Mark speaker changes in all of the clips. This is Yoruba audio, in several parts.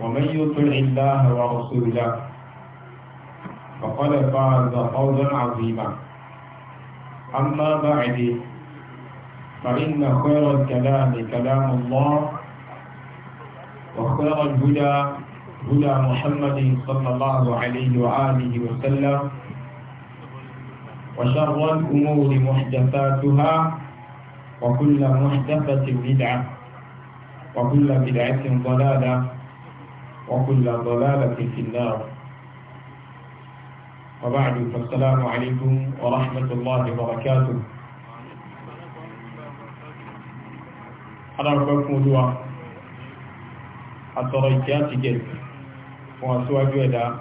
Speaker 1: ومن يطع الله ورسوله فقد فاز فوزا عظيما أما بعد فإن خير الكلام كلام الله وخير الهدى هدى محمد صلى الله عليه وآله وسلم وشر الأمور محدثاتها وكل محدثة بدعة وكل بدعة ضلالة وكل ضلالة في النار وبعد فالسلام عليكم ورحمة الله وبركاته أنا أربكم دوا الضريكات جل وأسواج إلى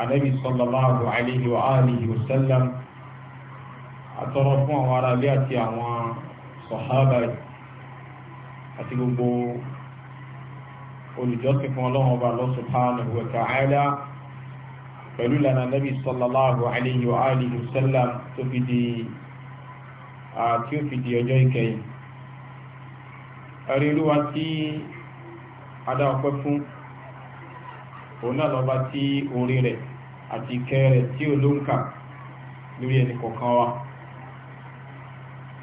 Speaker 1: النبي صلى الله عليه وآله وسلم أترفع ورالياتي عن صحابة أتقبوا olùjọ́sìn fún ọlọ́run ọba Allah subhanahu wa ta'ala pẹ̀lú ìlànà nabi sallallahu alayhi wa alihi wa sallam tó fi di àti ó fi di ọjọ́ ìkẹyìn ẹ̀rí olúwa tí adá ọpẹ́ fún òun náà lọ́ba tí orin rẹ̀ àti ìkẹ́ rẹ̀ tí ó ló ń kà lórí ẹni kọ̀ọ̀kan wa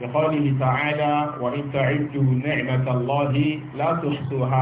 Speaker 1: ìkọ́lì ta'ala wa in ta'uddu ni'matallahi la tuhsuha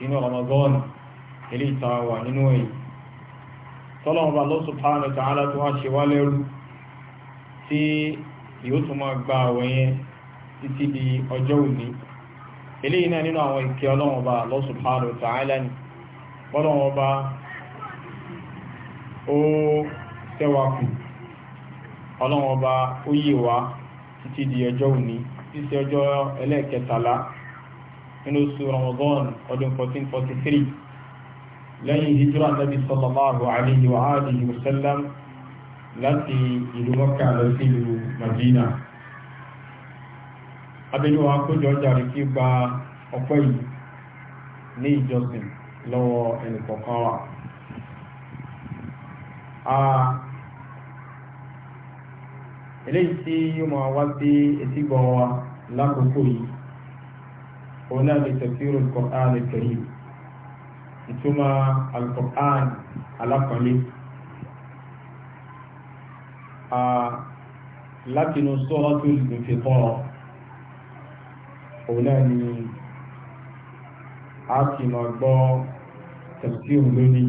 Speaker 1: inú Ramadan ilé ìta wà nínú èyí tọ́lọ́mọba Allah subhanahu wa ta'ala tó wá ṣe wá lẹ́rú tí yóò tún máa gba àwẹ̀ yẹn títí di ọjọ́ òní eléyìí náà nínú àwọn ìkẹ́ ọlọ́mọba Allah subhanahu wa ta'ala nínú oṣù Ramadan ọdún 1443 lẹ́yìn hijira nabi sallallahu alayhi wa alihi wa sallam láti ìlú Mọ́kà lọ sí ìlú Madina abẹ́lú wa kójọ ọjà rí kí gba ọpẹ́ yìí ní ìjọsìn lọ́wọ́ ẹnìkọ̀ọ̀kan eléyìí tí yóò máa wá sí etígbọ̀n wa lákòókò yìí òun náà ni tafsir al-Qur'an al-Karim ìtumọ̀ al-Qur'an alákọ̀ọ́lé látinú Suratul Infitar òun náà ni a ti mọ̀ gbọ́ tafsir lónìí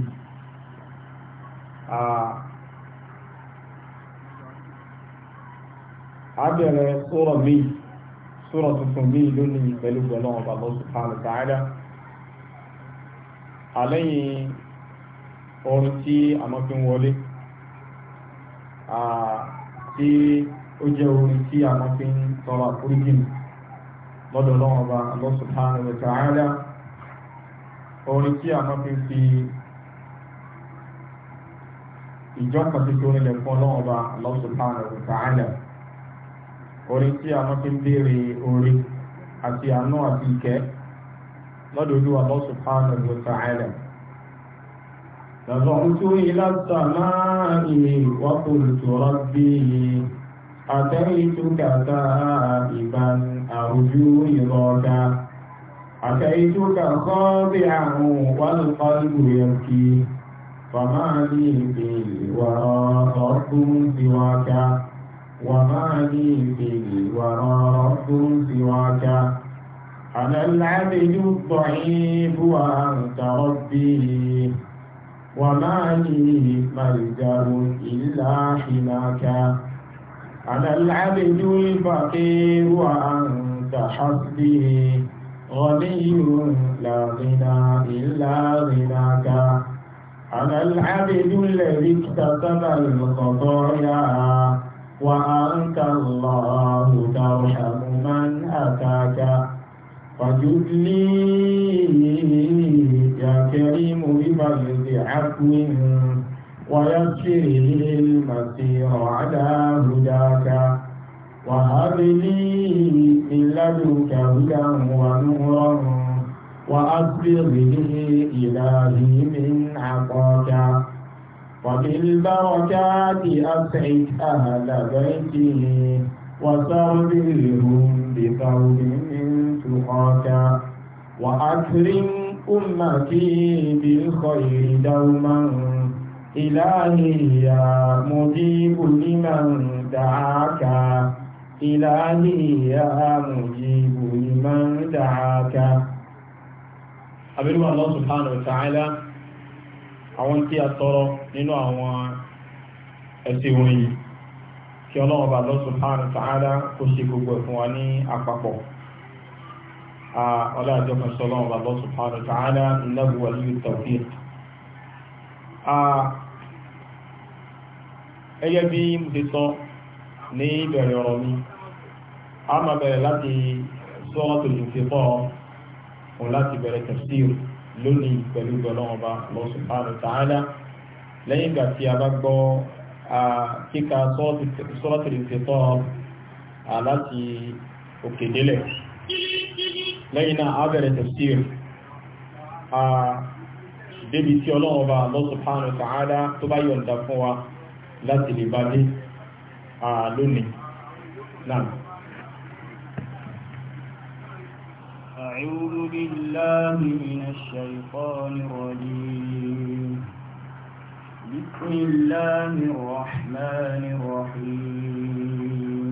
Speaker 1: a bẹ̀rẹ̀ sura míì súrà tuntun míì lónìí pẹ̀lú gbọ́lọ́wọ́n bàbá subhanahu wa ta'ala àlẹ́yìn orin tí a máa fi ń wọlé tí ó jẹ́ orin tí a máa fi ń tọrọ àforíjì lọ́dọ̀ lọ́wọ́n bá Allah subhanahu wa ta'ala orin tí a máa fi fi ìjọ́ kan tuntun nílẹ̀ fún ọlọ́wọ́n bá Allah subhanahu wa ta'ala orí tí a mọ́ fi ń béèrè orí àti àánú àti ìkẹ́ lọ́dọ̀ọ́lú Allah subhanahu wa ta'ala نظرت إلى السماء وقلت ربي أتيتك تائبا أرجو رضاك أتيتك خاضعا والقلب يبكي فما لي في الورى رب
Speaker 2: سواك وما لي به ولا رب
Speaker 1: سواك أنا العبد الضعيف وأنت ربي وما لي ملجأ إلا حماك أنا العبد الفقير وأنت حسبي غني لا غنى إلا غناك أنا العبد الذي اكتسب الخطايا وأنت الله ترحم من أتاك فجدلي يا كريم بفضل عفو ويسر لي المسير على هداك وهب لي من لدنك هدى ونورا وأسبغ لي إلهي من عطاك وَبِالْبَرَكَاتِ أسعد أَهْلَ بيته وسربلهم بثوب مِنْ تقاكا وَأَكْرِمْ أمتي بِالْخَيْرِ دَوْمًا إلهي يا مجيب لمن دعاك إلهي يا مجيب لمن دعاك أبنوا الله سبحانه وتعالى àwọn tí a tọrọ nínú àwọn ẹ̀sìn orin kí ọlọ́run bá kó ṣe gbogbo ẹ̀fún wa ní àpapọ̀ ọlọ́àjọ kan sọ ọlọ́run bá lọ subhanahu wa ta'ala innahu waliyyu bí mo ti sọ ní ìbẹ̀rẹ̀ ọ̀rọ̀ mi a máa bẹ̀rẹ̀ lónìí pẹ̀lú gbọ́lọ́wọ́ba Allah subhanahu wa ta'ala lẹ́yìn ìgbà tí a bá gbọ́ kíka suratul Fatir láti òkè délẹ̀ lẹ́yìn náà a bẹ̀rẹ̀ tafsir débi tí ọlọ́wọ́ba Allah subhanahu wa ta'ala tó bá yọ̀ǹda fún wa láti lè bá dé lónìí náà
Speaker 2: أعوذ بالله من الشيطان الرجيم بسم الله الرحمن الرحيم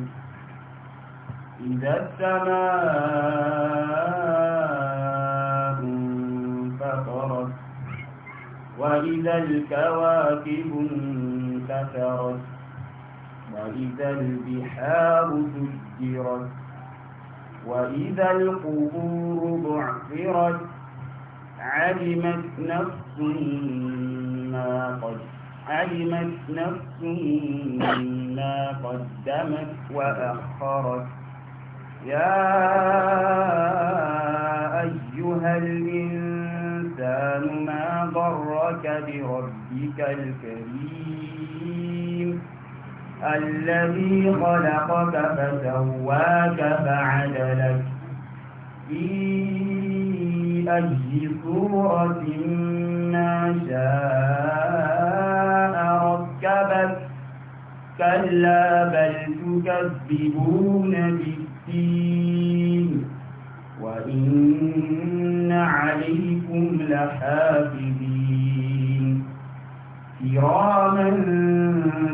Speaker 2: إذا السماء انفطرت وإذا الكواكب انتثرت وإذا البحار سجرت وإذا القبور بعثرت علمت نفس ما قد علمت نفس ما قدمت وأخرت يا أيها الإنسان ما ضرك بربك الكريم الذي خلقك فسواك فعدلك في أي صورة ما شاء ركبك كلا بل تكذبون بالدين وإن عليكم لحافظ كراما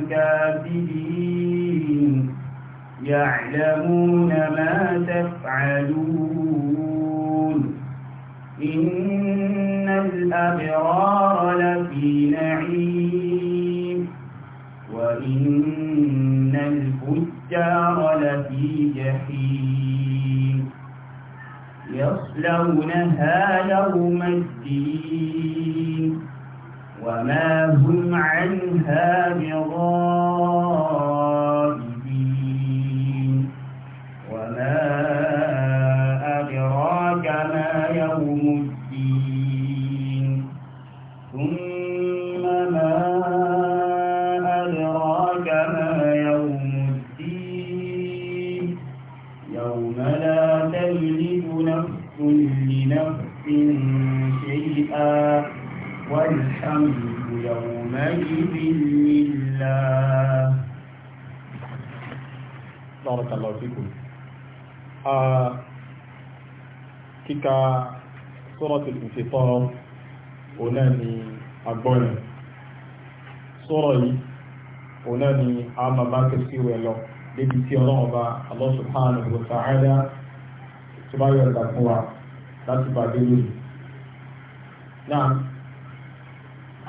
Speaker 2: كاتبين يعلمون ما تفعلون إن الأبرار لفي نعيم وإن الفجار لفي جحيم يصلونها يوم الدين وما هم عنها بغائبين وما أدراك ما يوم الدين
Speaker 1: barakallahu fikum kíka suratul Infitar òun náà ni agbọ́rin sura yìí òun náà ni a máa bá kẹsí rẹ̀ lọ débi tí ọlọ́run bá Allah subhanahu wa ta'ala tó bá yọ̀ ẹ̀dà fún wa láti bá dé lórí. náà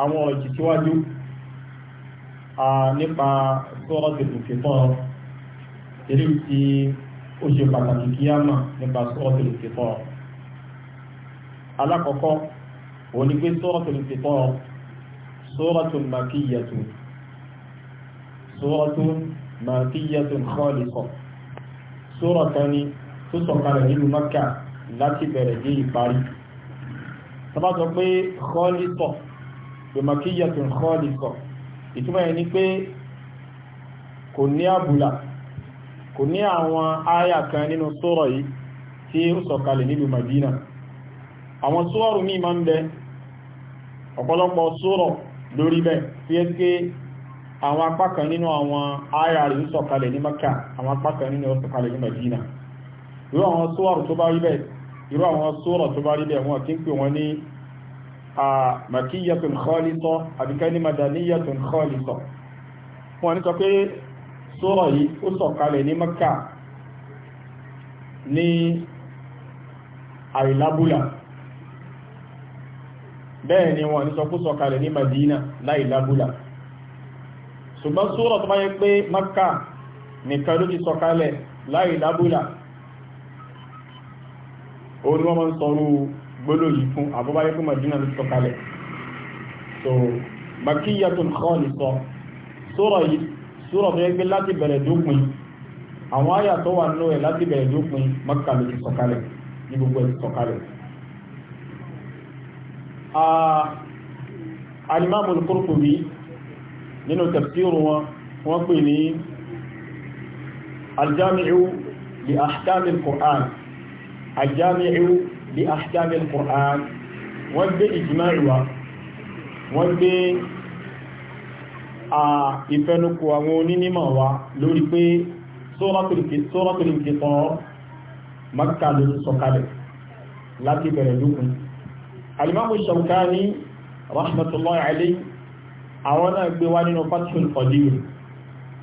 Speaker 1: àwọn ọ̀rọ̀ jì síwájú nípa suratul eléyìí tí ó ṣe pàtàkì kí á mọ̀ nípa sọ́ọ̀tìlì fìtọ́ alákọ̀ọ́kọ́ òní pé sọ́ọ̀tìlì fìtọ́ sọ́ọ̀tún màkìyàtún sọ́ọ̀tún màkìyàtún kọ́ọ̀lìkọ̀ sọ́ọ̀rọ̀ kan ni tó sọ̀kalẹ̀ nínú Mákà láti bẹ̀rẹ̀ dé ìparí tọ́bátọ pé kọ́ọ̀lìkọ̀ pé màkìyàtún kọ́ọ̀lìkọ̀ ìtumọ̀ yẹn ni pé kò ní àbùlà kò ní àwọn áyà kan nínú sọ́rọ̀ yìí tí ó sọ̀kalẹ̀ nílùú Madina àwọn sọ́rọ̀ míì máa ń bẹ ọ̀pọ̀lọpọ̀ sọ́rọ̀ lórí bẹ́ẹ̀ tí é pé àwọn apá kan nínú àwọn áyà rẹ̀ ń sọ̀kalẹ̀ ní Maka àwọn apá kan nínú sọ̀kalẹ̀ ní Madina irú àwọn sọ́rọ̀ tó bá rí bẹ́ẹ̀ irú àwọn sọ́rọ̀ tó bá rí bẹ́ẹ̀ wọn kí ń pè wọn ní makiyatun khalisa àbíkẹ́ ní madaniyatun khalisa wọn ní sọ pé sura yìí ó sọ̀kalẹ̀ ní Mẹ́kà ní àìlábúlà bẹ́ẹ̀ ni wọ́n ní sọ kó sọ̀kalẹ̀ ní Madina láìlábúlà ṣùgbọ́n sura tó bá yẹ pé Mẹ́kà nìkan ló ti sọ̀kalẹ̀ láìlábúlà ó ní wọ́n máa ń sura yìí súrọ̀ tó yẹ pé láti bẹ̀rẹ̀ dópin àwọn àyà tó wà nínú ẹ̀ láti bẹ̀rẹ̀ dópin Mákkà ló ti sọ̀kalẹ̀ ní gbogbo ẹ̀ ti sọ̀kalẹ̀. alimami Qurtubi nínú tafsiru wọn wọ́n pè ní aljami'u li ahkami al-Qur'an aljami'u li ahkami al-Qur'an wọ́n gbé ìjìmáìwá wọ́n gbé ìfẹnukò àwọn onímọ̀ wa lórí pé suratul Infitar Makkah ló sọ̀kalẹ̀ láti bẹ̀rẹ̀ lókun Al-Imam Shawkani rahmatullahi alayhi àwọn náà gbé wá nínú Fathul Qadir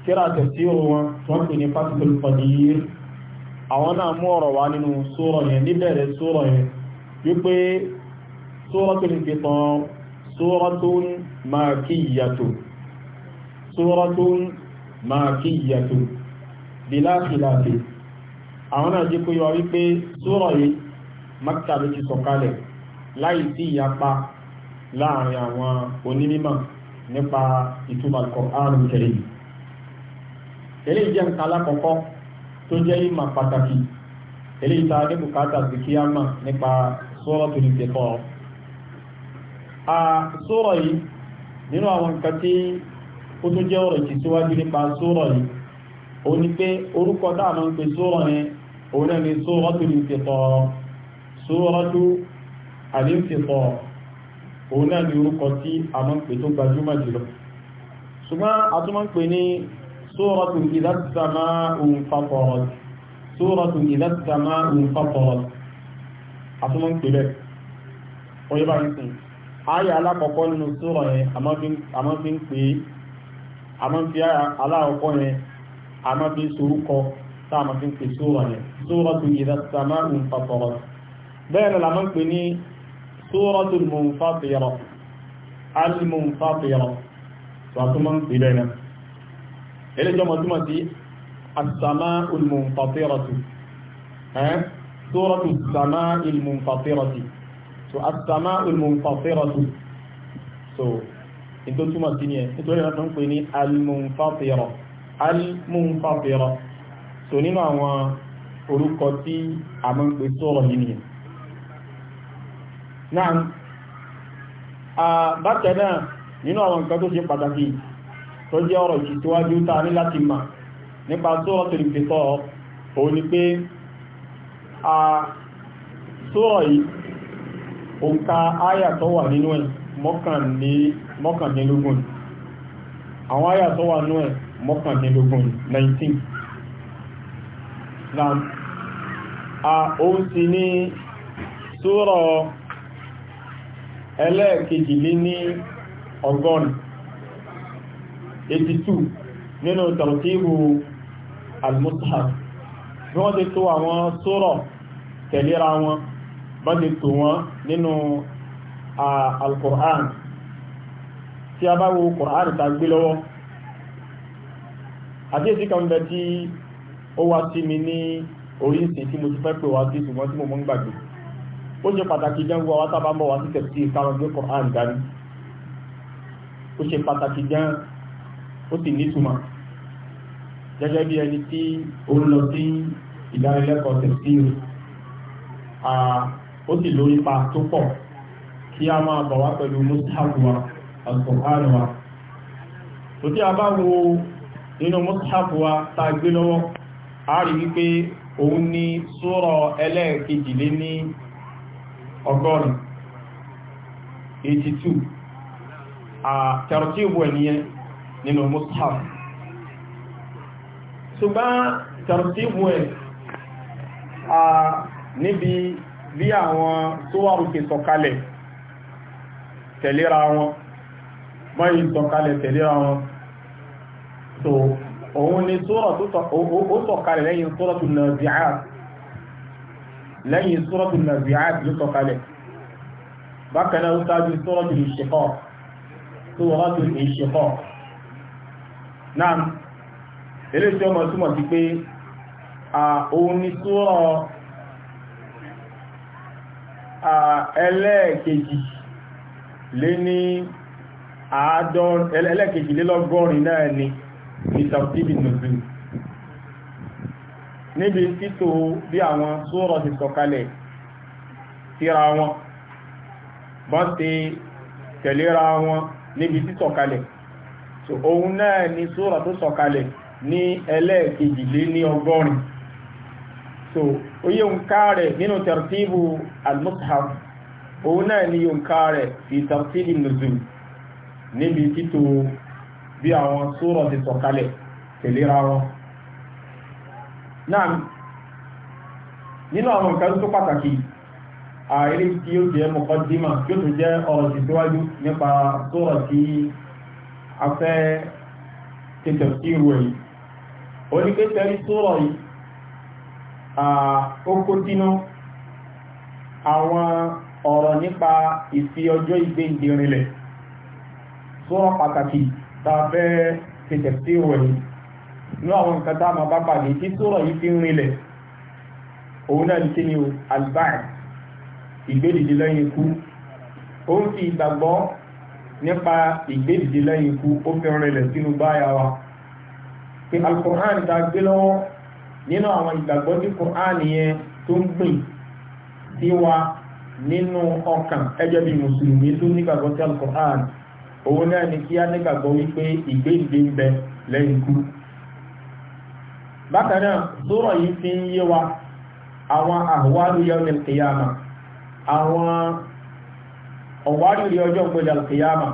Speaker 1: kíra tafsiru wọn sóratún màkíyàtò bíláfìláfì àwọn náà jẹ́ kó yọ wípé sóra yìí Mákkà ló ti sọ̀kalẹ̀ láì sí ìyapa láàrin àwọn onímọ̀ nípa ìtumọ̀ Al-Qur'an Karim eléyìí jẹ́ nǹkan alákọ̀ọ́kọ́ tó jẹ́ ìmọ̀ pàtàkì eléyìí tá a ní bùkátà sí kí á mọ̀ nípa Suratul Baqarah. a sóra yìí nínú àwọn nǹkan tí ó tó jẹ́ ọ̀rọ̀ ìtìsíwájú nípa sóòrọ̀ yìí ó ní pé orúkọ dáàmà ń pe sóòrọ̀ yẹn òun náà ni sóòrọ̀tù ní ti tọ̀ sóòrọ̀tù àdé ti tọ̀ òun náà ni orúkọ tí a máa ń pè tó gbajúmọ̀ jùlọ ṣùgbọ́n a tún máa ń pè ní sóòrọ̀tù ìdásísàmá òun fàfọ̀rọ̀ sóòrọ̀tù ìdásísàmá òun fàfọ̀rọ̀ a tún máa ń pè bẹ́ẹ̀ ó yẹ bá ń sìn áyà alákọ̀ọ́kọ́ nínú sóòrọ̀ yẹn a máa fi ń pè é a máa ń fi aláàkọ́ yẹn a máa fi sorúkọ tá a máa fi ń pè sóra yẹn sóra tó idha as-sama'u infatarat bẹ́ẹ̀ ni la máa ń pè ní suratul munfatira al-munfatira sàtúmọ̀ ń pè bẹ́ẹ̀ náà eléjọ́ mọ̀ túmọ̀ sí as-sama'ul munfatira tó ẹ́ sóratu as-sama'il munfatira tó as-sama'ul munfatira tó tó túmọ̀ sí ni ẹ̀ nítorí wọn tó pè ní al-munfatira al-munfatira so nínú àwọn orúkọ tí a máa ń pè sọ̀rọ̀ yìí nìyẹn náà bákan náà nínú àwọn nǹkan tó ṣe pàtàkì tó jẹ́ ọ̀rọ̀ ìṣítíwájú tá a ní láti mà nípa sọ̀rọ̀ tó mọ́kàndínlógún àwọn àyà tó wà nú ẹ̀ 19 na a òun sì ní súrọ̀ ẹlẹ́ẹ̀kejìlé ní 82 nínú tàrtíbù al bí wọ́n ti tó àwọn súrọ̀ tẹ̀léra wọn bá ti tó wọn nínú al-Qur'an tí a bá wo Qur'an ta gbé lọ́wọ́ àdéhùn kan bẹ tí ó wá sí mi ní orí ìsìn tí mo ti fẹ́ pè wá sí ṣùgbọ́n tí mo mọ́ ń gbàgbé ó ṣe pàtàkì gan wa wá sábà ń bọ̀ wá sí tẹ̀sí káwọn gbé Qur'an dání ó ṣe pàtàkì gan ó sì nítumọ̀ gẹ́gẹ́ bí ẹni tí ó lọ sí ìdánilẹ́kọ̀ọ́ tẹ̀sí ó sì lórí pa tó pọ̀ kí a máa bọ̀ wá pẹ̀lú mùsùlùmí wa alkùnrin wa tó tí a bá wo nínú mùsùlùmí wa ta gbé lọ́wọ́ a rí wípé òun ni sura ẹlẹ́ẹ̀kejìlé ní ọgọ́rin 82 a tẹ̀rọ̀tí ìwọ̀ ẹ̀nìyàn nínú mùsùlùmí ṣùgbọ́n tẹ̀rọ̀tí ìwọ̀ ẹ̀ níbi bí àwọn tó wà rúkè sọ̀kalẹ̀ tẹ̀léra wọn mọ́ ìtọ̀kalẹ̀ tẹ̀léra wọn so òun ni sóòrọ̀ tó tọ̀kalẹ̀ lẹ́yìn sóòrọ̀tù nàbíàt lẹ́yìn sóòrọ̀tù nàbíàt ló tọ̀kalẹ̀ bákanáà ó sáájú sóòrọ̀tù ìṣẹ̀kọ́ sóòrọ̀tù ìṣẹ̀kọ́ náà eléṣẹ́ ọmọ túmọ̀ sí pé ẹlẹ́ẹ̀kejì lé ní ẹlẹ́kejìlélọ́gọ́rin náà ni ní tàbí nùzùn níbi títò bí àwọn sóòrọ̀ ti sọ̀kalẹ̀ síra wọn bọ́n ti tẹ̀léra wọn níbi títọ̀kalẹ̀ so òun náà ni sóòrọ̀ tó sọ̀kalẹ̀ ní ẹlẹ́kejìlé ní ọgọ́rin so oye ń nínú tẹ̀rẹ̀tíbù al-mushaf òun náà ni yòǹká rẹ̀ fi tàbí nùzùl níbi títò bí àwọn sóòrọ̀ ti sọ̀kalẹ̀ tẹ̀léra wọn náà nínú àwọn nǹkan tó pàtàkì ààrẹ tí ó jẹ́ mọ̀kọ́dímà tí ó tún jẹ́ ọ̀rọ̀ síwájú nípa sóòrọ̀ tí a fẹ́ tètè sí ìrù ẹ̀yí oníkẹ́tẹ̀rí sóòrọ̀ yìí ó kó dínú àwọn ọ̀rọ̀ nípa ìfi ọjọ́ ìgbé ìdírinlẹ̀ sọ́rọ̀ pàtàkì tàbẹ́ tètẹ̀ sí ìròyìn ní àwọn nǹkan tá ma bá pàdé tí sọ́rọ̀ yìí fi ń rinlẹ̀ òun náà ti ní albáà ìgbédìdì lẹ́yìn ikú ó ń fi ìgbàgbọ́ nípa ìgbédìdì lẹ́yìn ikú ó fi rinlẹ̀ sínú báyà wa pé alkùnrán ta gbé lọ́wọ́ nínú àwọn ìgbàgbọ́ tí kùnrán yẹn tó ń gbìn sí wa nínú ọkan ẹjẹ́ bí mùsùlùmí tó al sí alkùnrán òun náà ni kí á nígbàgbọ́ wípé ìgbéǹde ń bẹ lẹ́yìn fi ń yé awon àwọn yawm al-qiyama àwọn ọ̀wárí ọjọ́ ìgbẹ̀lẹ̀ al-qiyama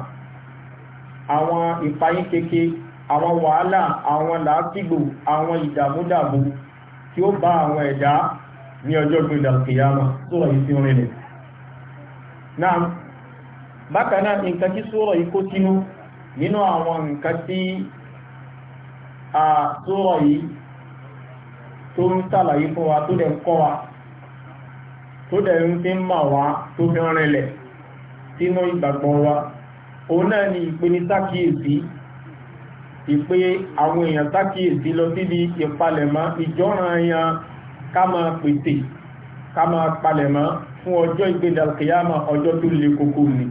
Speaker 1: àwọn ìpayín kéke wahala wàhálà àwọn làásìgbò àwọn ìdàmúdàbò tí náà bákanáà nǹkan tí sóòrọ̀ yìí kó sínú nínú àwọn a sóòrọ̀ yìí tó ń sàlàyé fún wa tó dẹ̀ ń wa tó dẹ̀ ń fi ń mà fi ń rinlẹ̀ sínú ìgbàgbọ́ wa òun náà ni ìpeni sákìyèsí ìpe àwọn èèyàn sákìyèsí lọ síbi ìpalẹ̀mọ́ ìjọ́ràn ẹ̀yàn ká máa pèsè ká máa palẹ̀mọ́ fún ọjọ́ ìgbédàkìyàmà ọjọ́ tó le koko ni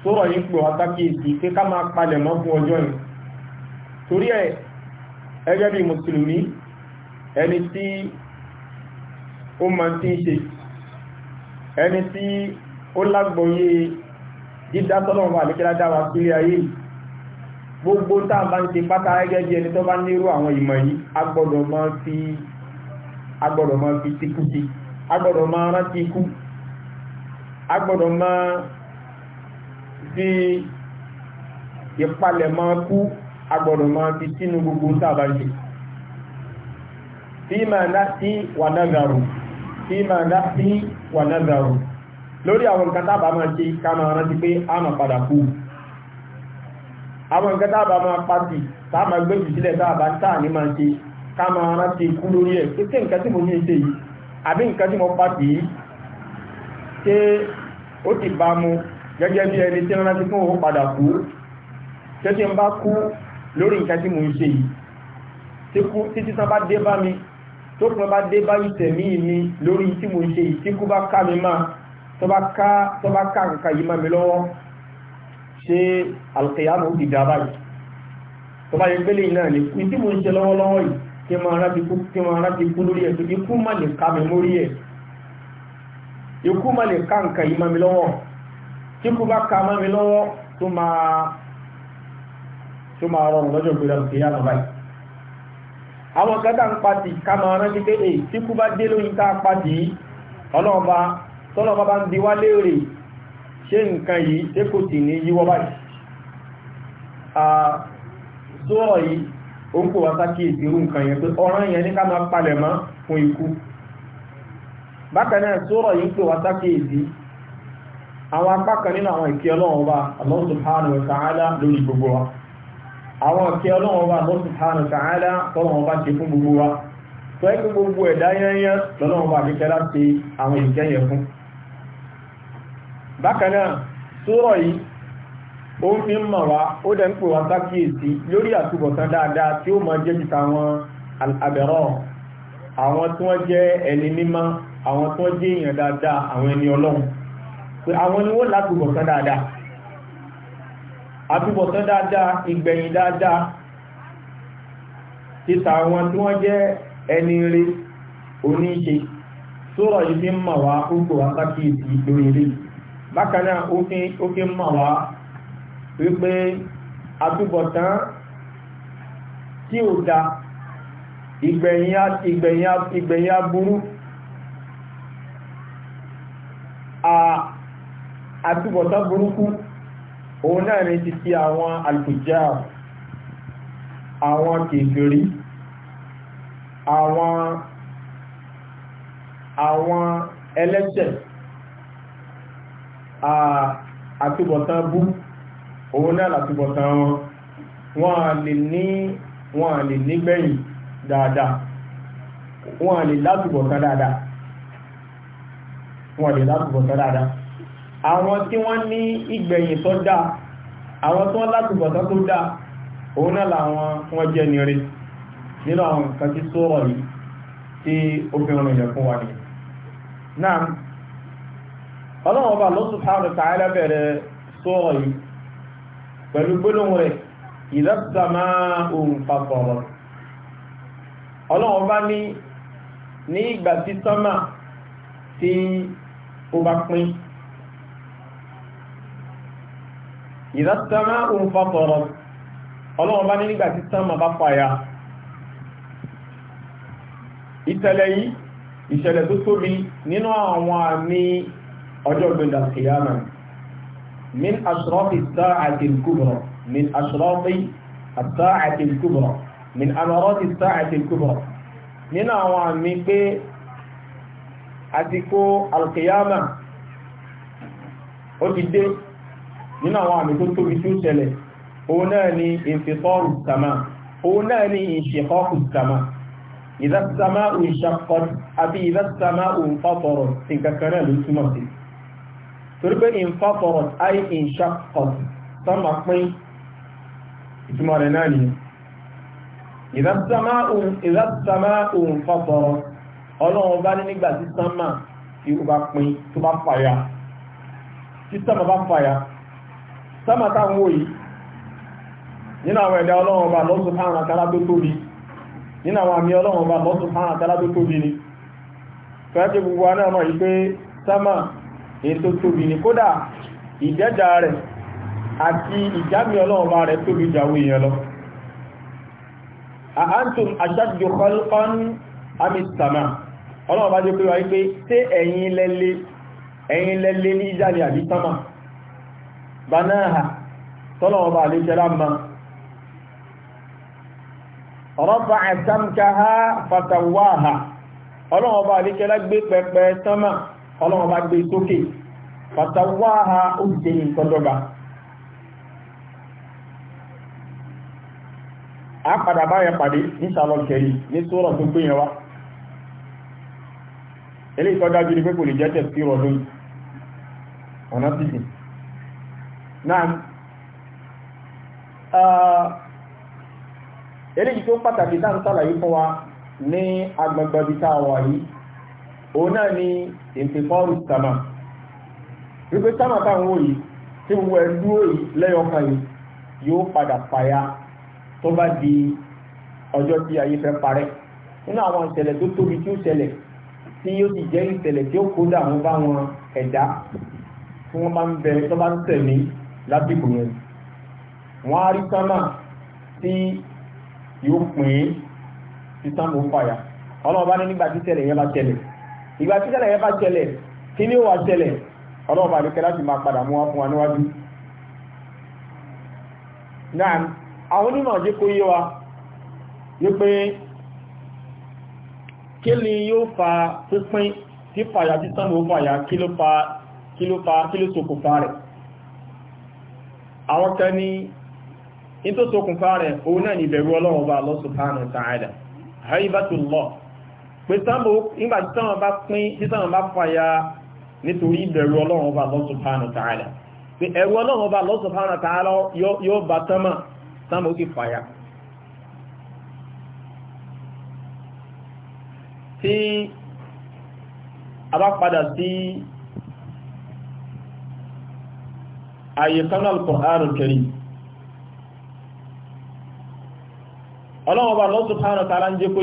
Speaker 1: sọ́rọ̀ yìí pè wá sákìyèsí pé ká máa palẹ̀ mọ́ fún ọjọ́ yìí torí ẹ̀ ẹgẹ́ bí mùsùlùmí ẹni tí ó máa ti ń ṣe ẹni tí ó lágbọ́yé dídá tọ́lọ́run àlékẹ́lá dáwà sílé ayé gbogbo tá bá ń ṣe pátá gẹ́gẹ́ bí ẹni tó bá nírú àwọn ìmọ̀ yìí agbọ́dọ̀ máa fi agbọ́dọ̀ agbọ́dọ̀ máa rántí ikú agbọ́dọ̀ máa fi ìpalẹ̀ máa kú agbọ́dọ̀ máa fi sínú gbogbo sábàjì tí máa dá sí wà nágàrù tí máa dá sí wà nágàrù lórí àwọn nǹkan tábà máa ṣe ká máa rántí pé a máa padà kú àwọn nǹkan tábà máa pàtì táà máa gbé jù sílẹ̀ táà bá táà ní máa ṣe ká máa rántí ikú lórí ẹ̀ pé tí nǹkan tí mo ní ṣe yìí àbí nǹkan tí mo pàtì yìí ṣé ó ti bá mu gẹ́gẹ́ bí ẹni tí rántí fún òun padà kú ṣé tí n bá kú lórí nǹkan tí mo ń ṣe yìí títí bá dé bá mi tó kún bá dé bá ìtẹ̀mí mi lórí tí mo ń ṣe yìí tí kú bá ká mi máa tó bá ká nǹkan yìí máa mi lọ́wọ́ ṣé alùkẹ́yàmù ti tó bá yẹ gbélé náà ni tí mo ń ṣe lọ́wọ́lọ́wọ́ yìí kí máa rántí kú kí máa rántí kú lórí ẹ̀ tó ikú má lè ká mi mórí ẹ̀ ikú má lè ká nǹkan yìí má mi lọ́wọ́ tí kú bá ká má mi lọ́wọ́ tó máa tó máa rọrùn lọ́jọ́ ìgbéra òkè yá lọ́wọ́ yìí àwọn kan ń pàtì ká máa rántí pé èyí tí kú bá dé lóyún tá a pàtì ọlọ́ọ̀ba tọ́lọ́ọ̀ba bá ń di wá léèrè ṣé nǹkan yìí tí kò sì ní yíwọ́ báyìí ó ń pò wá sákìyèsí irú nǹkan yẹn pé ọ̀ràn yẹn ní ká máa palẹ̀ mọ́ fún ikú bákan náà yìí ń pò wá sákìyèsí àwọn apá kan nínú àwọn ìkẹ́ ọlọ́run ọba Allah subhanahu wa lórí gbogbo wa àwọn ọlọ́run tọ́lọ́run ṣe fún gbogbo wa tó gbogbo ẹ̀dá yẹnyẹn lọ́lọ́run láti àwọn fún ó ń fi ń mọ̀ wá ó dẹ̀ ń pè wá sákìyèsí lórí àtúbọ̀tán dáadáa tí ó máa jẹ́ ju tàwọn àbẹ̀rọ̀ àwọn tí wọ́n jẹ́ ẹni mímọ́ àwọn tí wọ́n jẹ́ èèyàn dáadáa àwọn ẹni ọlọ́run pé àwọn ni wọ́n látúbọ̀tán dáadáa àtúbọ̀tán dáadáa ìgbẹ̀yìn dáadáa ti tàwọn tí wọ́n jẹ́ ẹni rí oníṣe sọ́rọ̀ yìí fi ń mọ̀ wá ó pè wá sákìyèsí lórí wípé àtúbọ̀tán tí ò da ìgbẹ̀yìn aburú àtúbọ̀tán burúkú òun náà ní ti ti àwọn alùpùjá àwọn kèfèrí àwọn àwọn ẹlẹ́ṣẹ̀ àtúbọ̀tán burúkú òun náà láti bọ̀tán wọn wọ́n a lè nígbẹ̀yìn dáadáa wọ́n a lè láti bọ̀tán dáadáa wọ́n a lè láti bọ̀tán dáadáa àwọn tí wọ́n ní ìgbẹ̀yìn tó dáa àwọn tí wọ́n láti bọ̀tán tó dáa òun náà làwọn wọ́n jẹ́ nire nínú àwọn nǹkan tí yìí tí ó fi pẹ̀lú gbólóhùn rẹ̀ ìdọ́tàmá ohun papọ̀rọ̀ ọlọ́run bá ní ní ìgbà tí sánmà tí ó bá pín ìdọ́tàmá ohun papọ̀rọ̀ ọlọ́run bá ní nígbà tí sánmà bá fàyà ìtẹ̀lẹ̀ yìí ìṣẹ̀lẹ̀ tó tóbi nínú àwọn àmì ọjọ́ gbẹ̀dà kìyàmà min asrafi sa'ati al-kubra min asrafi sa'ati al-kubra min amarati sa'ati al-kubra nínú àwọn àmì pé àsìkò al-qiyama ó ti dé nínú àwọn àmì tó tóbi tí ó ṣẹlẹ̀ òun náà ni ìfìtọ́rù sàmà òun náà ni ìṣẹ̀kọ́kù sàmà ìdásàmà òun ṣàkọ́ àti ìdásàmà òun fàtọ̀rọ̀ sí kankanáà ló túmọ̀ sí torí pé ìfàtọ̀rọ̀ àì ìṣàkọ̀t sánmà pín ìtumọ̀ rẹ̀ náà nìyẹn ìdásánmà òun fàtọ̀rọ̀ ọlọ́run bá ní nígbà tí sánmà tí ó bá pín tó bá fàyà tí sánmà bá fàyà sánmà táwọn òyì nínú àwọn ẹ̀dá ọlọ́run bá lọ́sùn fáwọn akálá tó tóbi nínú àwọn àmì ọlọ́run bá lọ́sùn fáwọn akálá tó tóbi ni fẹ́ẹ́ tí gbogbo aná ọmọ yìí pé sánmà èyí tó tóbi ní kódà ìdẹ́dà rẹ̀ àti ìjámi ọlọ́ọ̀bá rẹ̀ tóbi jàwó èèyàn lọ àhántùm ashaddu khalqan amìsàmà ọlọ́ọ̀bá jẹ́ pé wáyé pé tí ẹ̀yin lẹ́lé ní ìjáni àbí sánmà banáhà tọ́lọ̀ọ̀bá àlejẹ́lá ma rọ́bà àtàmkáhá fatawaha pẹpẹ ọlọ́run bá gbé sókè fàtàwáhà òjìjẹ́ nǹkan dọ́gba a padà báyẹ̀ pàdé ní sàlọ̀kẹ̀rì ní sọ́rọ̀ tó gbé yẹn wá ilé ìtọ́jájú ní pé kò lè jẹ́ tẹ̀ sí ọdún ọ̀nà títì náà eléyìí tó pàtàkì táà sàlàyé fún wa ní agbègbè bí táà yìí òun náà ni ìfẹ́fọ́rù sàmà wípé sàmà táwọn òyì tí wọ́n ẹ̀ dúró yìí lẹ́yọ̀kan yìí yóò padà fàya tó bá di ọjọ́ tí ayé fẹ́ parẹ́ nínú àwọn ìṣẹ̀lẹ̀ tó tóbi tí ó ṣẹlẹ̀ tí yóò sì jẹ́ ìṣẹ̀lẹ̀ tí ó kó dààmú bá wọn ẹ̀dá tí wọ́n bá ń bẹ tó bá ń tẹ̀lé lásìkò yẹn wọ́n á rí sánmà tí yóò pín sí sánmà fàyà ọlọ́ọ̀bá ní nígbà tí ìṣẹ̀lẹ̀ yẹn bá ṣẹlẹ̀ ìgbà tí ṣẹlẹ̀ yẹn bá ṣẹlẹ̀ kí ni ó wà ṣẹlẹ̀ ọlọ́run bá nìkẹ́ láti máa padà mú wá fún wa níwájú náà àwọn onímọ̀ kó yé wa fa pínpín tí fàyà tí ó fàyà kí ló fa kí ló fa kí ló ṣokùnfà rẹ̀ àwọn kan ní in tó ṣokùnfà rẹ̀ òun náà ní ìbẹ̀rù ọlọ́run bá pé sáàmù nígbà tí sáàmù bá pín tí bá fàyà nítorí ìbẹ̀rù ọlọ́run ọba Allah subhanahu ta'ala pé ẹ̀rù ọlọ́run ọba Allah subhanahu yóò bá tánmà sáàmù ó sì fàyà tí a bá padà sí ọlọ́run ọba Allah subhanahu ń jẹ́ kó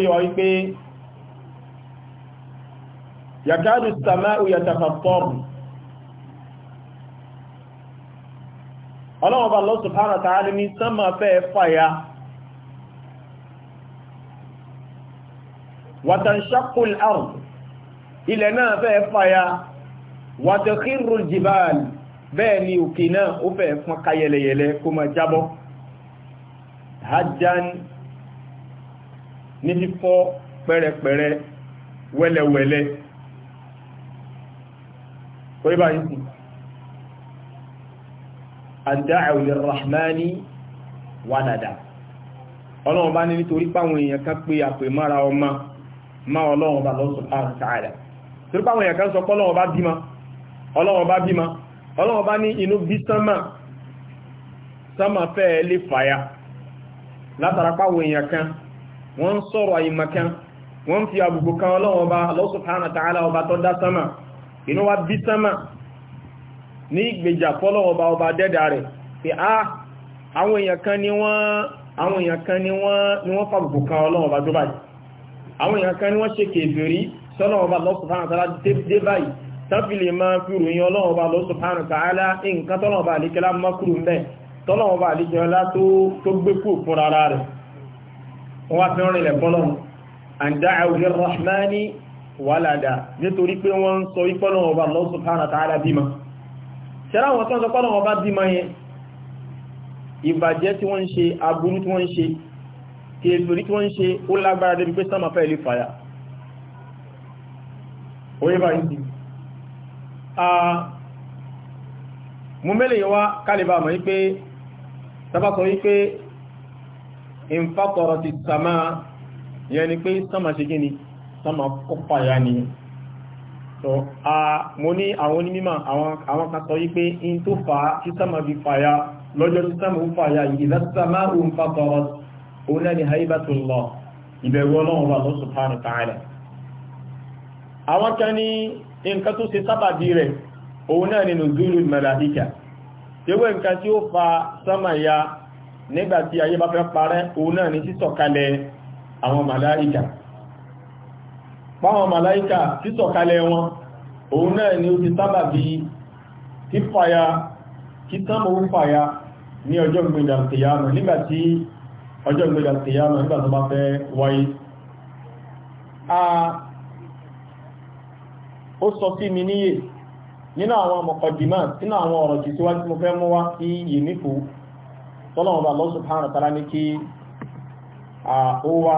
Speaker 1: yakadu samau yatafattaru ọlọ́wọ́n bá Allah subhanahu wa ta'ala ní sánmà fẹ́ fàyà wàtànṣàkùl ard ilẹ̀ náà fẹ́ fàyà wàtàkìrù jìbàl bẹ́ẹ̀ ni òkè náà ó fẹ́ fún kayẹlẹyẹlẹ kó ma jábọ́ hajjan ní fífọ́ pẹ̀rẹ̀pẹ̀rẹ̀ wẹ́lẹ̀wẹ́lẹ̀ kò yí báyìí sí àdáà lirrahmani wàdàdà ọlọ́run bá ní nítorí páwọn èèyàn kan pé àpè mára ọmọ má ọlọ́run bá lọ́sù àrùn tààdà torí páwọn èèyàn kan sọ pọ́ ọlọ́run bá bímọ ọlọ́run bá bímọ ọlọ́run bá ní inú bí sánmà sánmà fẹ́ lè fàyà látara páwọn èèyàn kan wọ́n sọ̀rọ̀ inú wa bí sánmà ní ìgbèjà fọ́lọ̀ ọba ọba dẹ́dà rẹ̀ pé á àwọn èèyàn kan ni wọ́n àwọn èèyàn kan ni wọ́n ni wọ́n fàbùkù kan ọlọ́run ọba tó báyìí àwọn èèyàn kan ni wọ́n ṣe kèfèrí sọ́lọ̀ ọba subhanahu wa ta'ala dé báyìí tàbí lè máa fi ròyìn ọlọ́run ọba subhanahu wa ta'ala nǹkan tọ́lọ̀ ọba àlékẹ́lá mọ́kúrú mbẹ́ tọ́lọ̀ ọba àlékẹ́lá tó gbé kú fún rárá rẹ̀ wọ́n wá fi rìnlẹ̀ fọ́lọ́run àǹdá àwùjọ rahmani wàlàdà nítorí pé wọ́n ń sọ ìpọ́lọ̀ ọba Allah subhanahu wa ta'ala bímọ ṣẹ́rá wọn tán sọ pọ́lọ̀ ọba bímọ yẹn ìbàjẹ́ tí wọ́n ń ṣe aburú tí wọ́n ń ṣe kèfèrí tí wọ́n ń ṣe ó lágbára débi pé sánmà fẹ́ẹ̀lì fàyà orí bá yìí mú mẹ́lẹ̀ yíwá yẹni pé sánmà ṣe gíní sánmà kópa ya ni so a mo ní àwọn onímọ̀ àwọn kan sọ wípé in tó fa tí sánmà fi fàyà lọ́jọ́ tí sánmà ó fàyà idha as-samā'u infaṭarat òun náà ni haibatullah ìbẹ̀rù ọlọ́run wà Allah subhanahu wa ta'ala àwọn kan ní nǹkan tó ṣe sábàbí rẹ̀ òun náà nígbàtí ayé parẹ́ òun náà ni sísọ̀kalẹ̀ àwọn màláìkà páwọn màláíkà títọ̀kalẹ̀ wọn òun náà ni ó ti sábà bí kí fàyà kí tánmà ó fàyà ní ọjọ́ ìgbèdà tèyàmù nígbàtí ọjọ́ ìgbèdà tèyàmù nígbàtí bá fẹ́ wáyé a ó sọ sí mi níyè nínú àwọn mọ̀kọ̀dìmá sínú àwọn ọ̀rọ̀ tí síwájú mo fẹ́ mú wá sí yìí tọ́lọ̀wọ̀n bá Allah subhanahu wa ní kí ó wá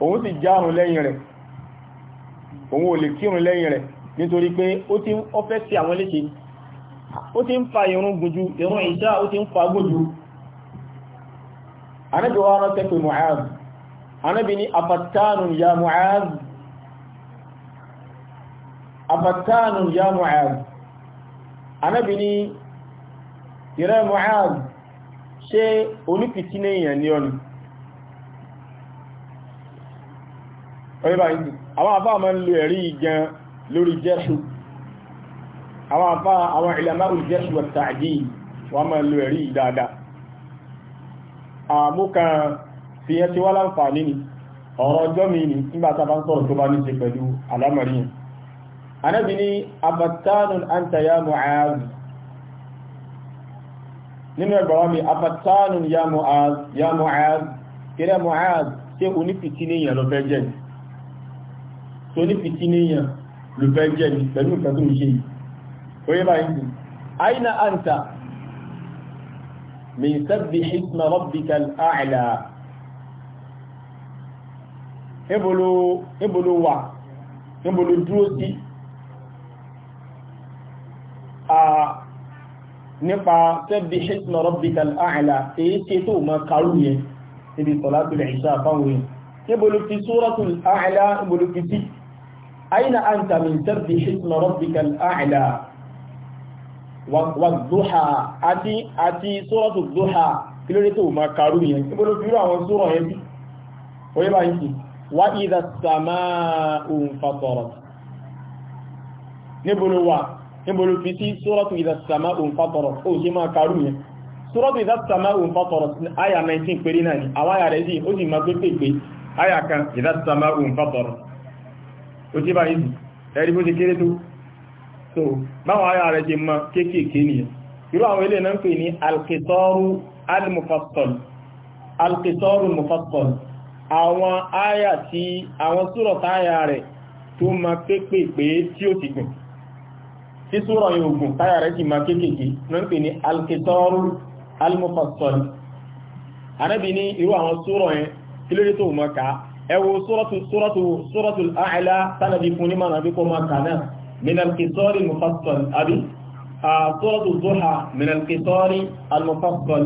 Speaker 1: òun sì járùn lẹ́yìn rẹ̀ òun ò lè kírun lẹ́yìn rẹ̀ nítorí pé ó ti ń ọfẹ́ sí àwọn léṣe ó ti ń fa irun gùnjú irun ìṣá ó ti ń fa gùnjú anábi wa rán tẹ́kù anábi ni ya ya anábi ni ìrẹ́ ọ̀rẹ́bà ìdí àwọn àbá ma ń lo ẹ̀rí gan lórí jẹ́ṣù àwọn àbá àwọn ìlànà ìjẹ́ṣù àtàdì wọ́n ma ń lo ẹ̀rí dáadáa àmúkà fi yẹn ti wá láǹfààní ni ọ̀rọ̀ ọjọ́ mi ni nígbà tá a bá ń sọ̀rọ̀ tó bá ní ṣe pẹ̀lú àlámọ̀rí yẹn anábì ní abatanun anta tó ní fìtí níyàn ló fẹ́ jẹ́ ní pẹ̀lú nǹkan tó ń ṣe yìí oye báyìí sí aina anta min sabbi hisma rabbika al'a'la níbolo wà níbolo dúró sí a nípa sabbi hisma rabbika al'a'la èyí ṣe tó ma kàrù yẹn níbi salatul isha fáwọn yẹn níbolo fi suratul a'la níbolo fi sí أين أنت من سبح اسم ربك الأعلى والضحى أتي أتي سورة الضحى كل تو ما كارو يعني يقولوا في رأوا سورة هذه ويبا ينسي وإذا السماء انفطرت نبلو وا نبلو في تي سورة إذا السماء انفطرت أو جماعة كارو يعني سورة إذا السماء انفطرت آية 19 قريناني أو آية رزي أو جماعة بيبي آية كان إذا السماء انفطرت ó tí bá yìí ẹ̀rí bó ti kéré tó so báwọn ara rẹ̀ ti mọ kéékèèké nìyẹn irú àwọn ilé náà ń pè ní alkitọ́rù almufassal alkitọ́rù mufassal àwọn àyà tí àwọn súrọ̀tà àyà rẹ̀ tó ma pépèpé tí ó ti gùn tí súrọ̀ yóò gùn táyà rẹ̀ ti ma kéékèèké náà ń pè ní alkitọ́rù almufassal anábì ní irú àwọn súrọ̀ yẹn kí lórí tó mọ kàá ẹwọ sóràtù àìlá tánàbí fún nímọ̀ àbí kó máa kàná minalkisori mufassal àbí sóràtù zuha minalkisori almufassal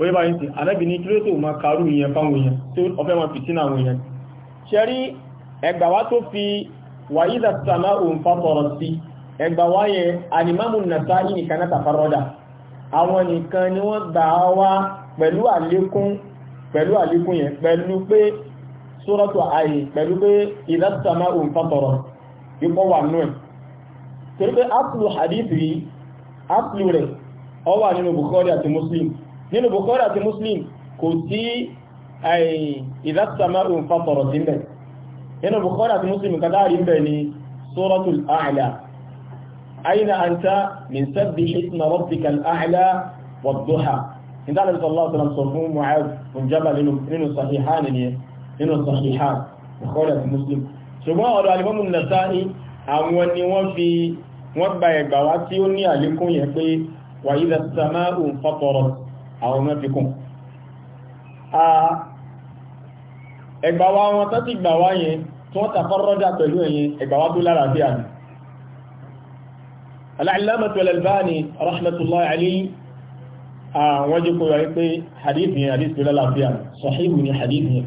Speaker 1: oye báyìí tí anábì ní kí ló tó máa kàrú ìyẹn fáwọn èèyàn tí ó fẹ́ máa fìtínà àwọn èèyàn ṣẹ́rí ẹgbàwá tó fi wàyíza sàmà òun fásọ̀rọ̀ sí ẹgbàwá yẹn animamu nasa'i nìkan náà tàfàrọ́dà àwọn nìkan ni wọ́n gbà wá pẹ̀lú àlékún pẹ̀lú àlékún yẹn pẹ̀lú pé sórọ́tù ààyè pẹ̀lú pé ìdásàmà òǹfàtọ̀rọ̀ ipò wà nù ẹ̀ torí pé ápùlù hadith yìí ápùlù rẹ̀ ó wà nínú bukhari àti muslim nínú bukhari àti muslim kò sí ìdásàmà òǹfàtọ̀rọ̀ sí mbẹ̀ nínú bukhari àti muslim kàdá rí mbẹ̀ ni sórọ́tù ààlà aina anta min sabbi hisma rabbika al-a'la wa ad-duha fún Mu'adh bin nínú sahihain ni nínú sahihah bukhari àti muslim ṣùgbọ́n ọ̀dọ̀ alimamu nasa'i àwọn ni wọ́n fi wọ́n gba ẹ̀gbà wá tí ó ní àlékún yẹn pé wa idha as-sama'u fatarat àwọn ọmọ fi kún ẹgbà wá wọn tó ti gbà wá yẹn tí àwọn jẹ́ kó pé hadith yẹn hadith tó lálàáfíà sahihu ni hadith yẹn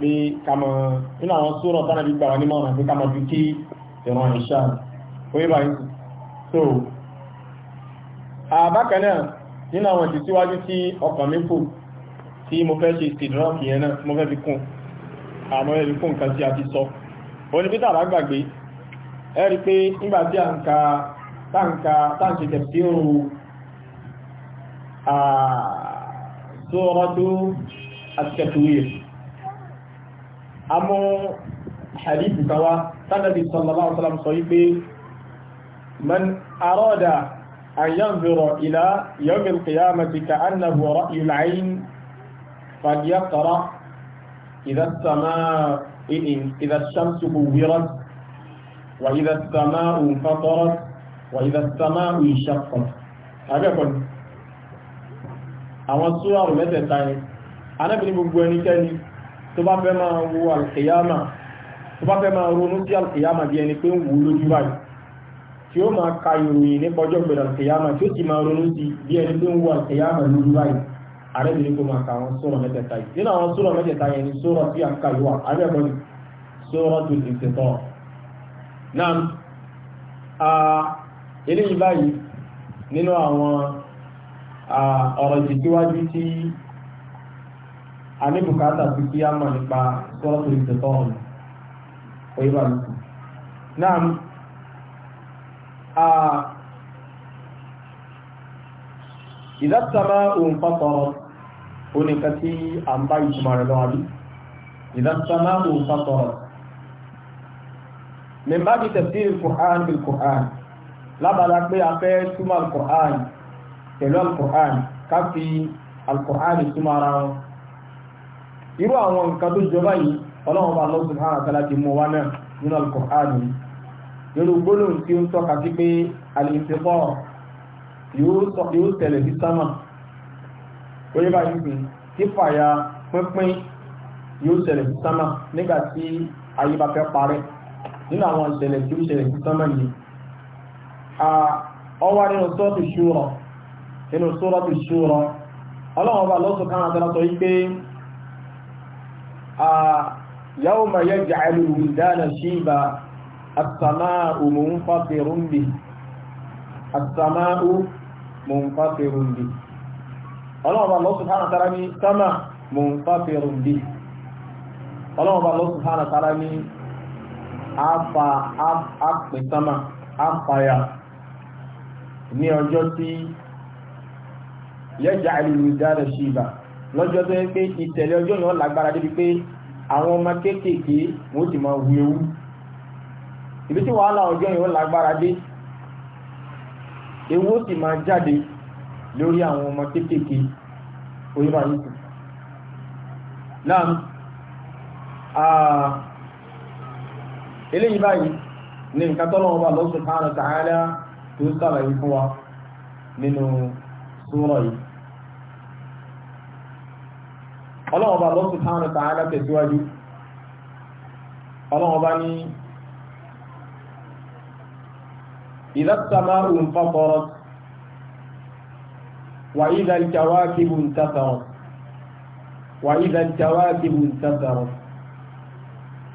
Speaker 1: pé kàmọ nínú àwọn sóràn tánà bí gbàwà nímọ̀ rẹ̀ pé kàmọ bí kí ìran ìṣà orí bá yìí so àbákan náà nínú àwọn ìtìsíwájú tí ọkàn mi kù tí mo fẹ́ ṣe ìsìndrọ́ọ̀kì yẹn náà mo fẹ́ fi kún àmọ́ ẹ̀rí fún nǹkan tí a ti sọ òní pé tàbá gbàgbé ẹ̀rí pé nígbà tí a ń ka táǹkà táǹkì tẹ̀síò àṣọ́rọ́dún àti tẹ̀síò amo hadith kan wá sanabi sallallahu alaihi wasallam sọ man arada an yanzura ila yawm alqiyamati qiyamati ka'annahu ra'yu 'ayn falyaqra idha as-samaa samaau in idha ash-shamsu wa إذا الشمس كورت وإذا السماء انفطرت وإذا السماء انشقت abẹ́kọ̀ọ́ àwọn súwárù mẹ́tẹ̀ẹ̀ta ana anábìnrin bugwani ẹnikẹ́ni tó bá fẹ́ máa wo alkiyama tó bá fẹ́ máa ronú sí alkiyama bí ẹni pé ń wù ú lójú báyìí tí ó máa ka ìròyìn nípa ọjọ́ gbẹ̀rẹ̀ alkiyama tí ó sì máa ronú sí bí ẹni pé ń wù alkiyama lójú báyìí ààrẹ mi ní kó máa ka àwọn sọ̀rọ̀ mẹ́tẹ̀ẹ̀ta yìí nínú àwọn sọ̀rọ̀ mẹ́tẹ̀ẹ̀ta yẹn ni sọ̀rọ̀ tí a ń ka yìí wà ààrẹ bọ́ ni sọ̀rọ̀ tó ti ṣe tọ́ náà eléyìí báyìí nínú àwọn ọ̀rọ̀ ìtìsíwájú tí a ní bùkátà sí kí a mọ̀ nípa sọ́ọ̀tù ìtẹ̀tọ́ọ̀nù oyè bá lùkù náà a ìdásàmá òun pàtàkì ó ní nǹkan tí a ń bá ìtumọ̀ rẹ̀ lọ́wọ́ bí ìdásàmá òun pàtàkì من باب تفسير القرآن بالقرآن لا بلا بي افي ثم القرآن تلو القرآن كفي القرآن ثم راو irú àwọn nǹkan tó jọba yìí ọlọ́run bá lọ́sùn hàn àtàlà ti mú wa náà nínú alukọ̀hánì irú gbólóhùn tí ó ń tọ́ka sí pé àlèǹtẹ̀kọ́ yóò tẹ̀lé sí sámà oyè bá yìí pé tí fàyà pínpín yóò tẹ̀lé sí sámà nígbà tí ayé bá fẹ́ parẹ́ nínú àwọn ìṣẹ̀lẹ̀ tí ó ṣẹlẹ̀ sí sámà yìí ọwá nínú sọ́ọ̀tù ṣúrọ̀ ọlọ́run bá lọ́sùn hàn àtàlà sọ yìí pé يوم يجعل الولدان شيبا السماء منفطر به السماء منفطر به الله الله سبحانه وتعالى سما منفطر به الله الله سبحانه وتعالى apa apẹ̀sánmà apàyà ní ọjọ́ tí yẹ́jà ìlú ìdára ṣíbà lọ́jọ́ tó yẹ pé ìtẹ̀lé ọjọ́ yẹn lágbára débi pé àwọn ọmọ kéékèèké wọn ó ti máa wu ewu ibi tí wàhálà ọjọ́ yẹn lágbára dé ewu ó sì máa jáde lórí àwọn ọmọ kéékèèké oníbà yìí kù náà eléyìí báyìí ní nǹkan tọ́lọ́wọ́ bá Allah subhanahu wa ta'ala tó sábà fún wa nínú súnrọ̀ yìí ọlọ́wọ́ba lọ sí táwọn ọ̀tà alátẹ̀síwájú ọlọ́wọ́ba ní ìdásàmá òǹfàkọ́rọ̀ wà ìdá ìjàwákìbù ń tàtàrọ̀ wà ìdá ìjàwákìbù ń tàtàrọ̀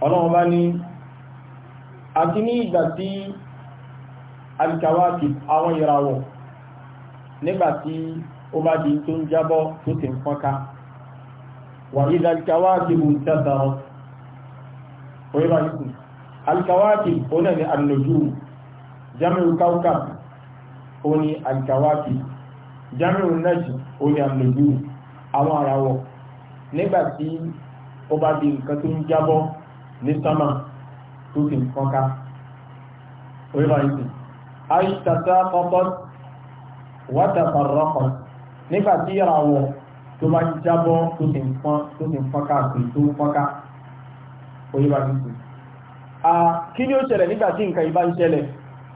Speaker 1: ọlọ́wọ́ba ní àti ní ìgbà tí alìkàwákì àwọn ìràwọ̀ nígbà tí ó bá di tó ń jábọ́ tó ti ń fọ́nká وإذا الكواكب انتثرت وإيه رأيكم الكواكب هنا النجوم جمع كوكب هنا الكواكب جمع النجم هنا النجوم àwọn àràwọ̀ nígbàtí ó bá di nǹkan tó ń jábọ́ ní sánmà tó sì ń kọ́ká orí bá yìí àìsàtà pọ́pọ́ wátàfàrọ́kọ̀ nígbàtí àràwọ̀ tó bá jábọ́ tó sì ń pọ́n tó sì ń fọ́nká àti tó ń fọ́nká oyè bá dùn. kí ni ó ṣẹlẹ̀ nígbà tí nǹkan ìbá ń ṣẹlẹ̀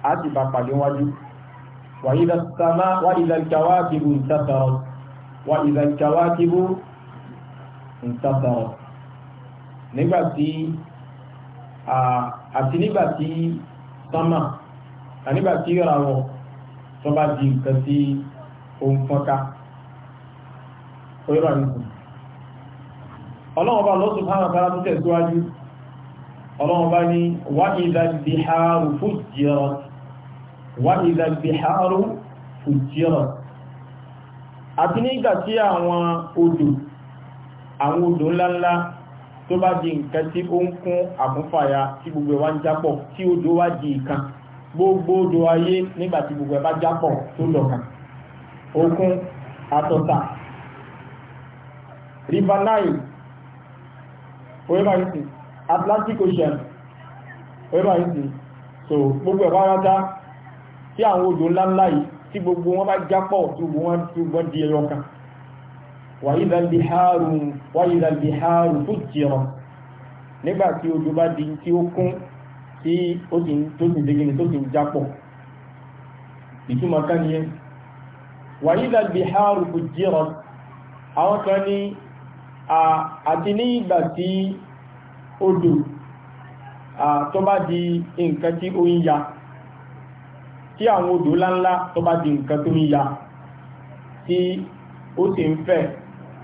Speaker 1: á sì bá pàdé wájú wa idha as-samaa wa idha al-kawaakibu intatharat wa idha al-kawaakibu intatharat nígbà àti nígbà tí sánmà nígbà tí ìràwọ̀ tó bá di nǹkan tí ó ń fọ́nká òyìnbá nìkan ọlọ́wọ́ba lọ́sùn fún àwọn ará tó tẹ̀síwájú ọlọ́wọ́ba ní wà ìdàbíhàrù fújìrọ̀ wà ìdàbíhàrù fújìrọ̀ àti nígbà tí àwọn odò àwọn odò ńláńlá tó bá di nǹkan tí ó ń kún àkúnfàyà tí gbogbo wa ń jápọ̀ tí odò wá di ìkan gbogbo odò ayé nígbà tí gbogbo ẹ bá jápọ̀ tó lọ̀kan òkun àtọ̀tà river nile oyeba isi atlantic ocean wherever oyeba isi so gbogbo ẹ̀fà rántá tí àwọn odò ńláńlá yìí tí gbogbo wọn bá jápọ̀ tí gbogbo wọn tí gbogbo di ẹyọ kan wàyíza biharu wàyíza biharu fún jìrọ nígbà tí odò bá di tí ó kún tí ó sì ń tó sì ń dégé ni tó sì ń jápọ̀ ìtumọ̀ kan nìyẹn wàyíza biharu fún jìrọ àwọn kan ní àti ní ìgbà tí odò tó bá di nǹkan tí ó ń ya tí àwọn odò láńlá tó bá di nǹkan tó ń ya tí ó sì ń fẹ́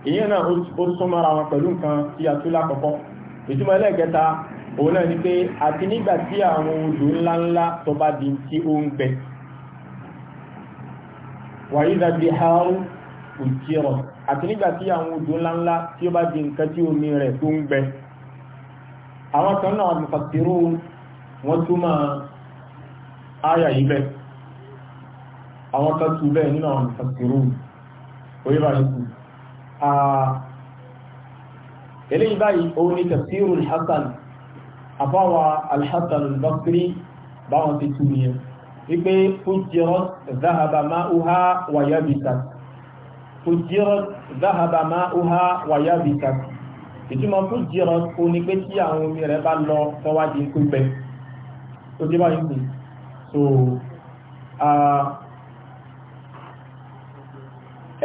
Speaker 1: èyí náà ó súnmọ́ra wọn pẹ̀lú nǹkan tí a tú lákọ̀ọ́kọ́ ìtumọ̀ ẹlẹ́ẹ̀kẹta òun náà ni pé àti nígbà tí àwọn odò ńláńlá tó bá di tí ó ń gbẹ wàyí dàbí haru òjì àti nígbà tí àwọn odò ńláńlá tí ó bá di nǹkan tí omi rẹ̀ tó ń gbẹ àwọn kan náà mùfàtírù wọ́n túmọ̀ áyà yìí bẹ́ẹ̀ àwọn kan tú bẹ́ẹ̀ nínú àwọn mùfàtírù orí bá nìkú eléyìí báyìí òun ni tafsiru al-Hasan àfáwà al báwọn ti tú nìyẹn wípé fujirat dhahaba ma'uha wa yabisat fujirat zahaba ma'uha wa yabisat ìtumọ̀ fujirat o ní pé tí àwọn omi rẹ̀ bá lọ tọ́wádìí ń pípẹ́ tó dé báyìí kù so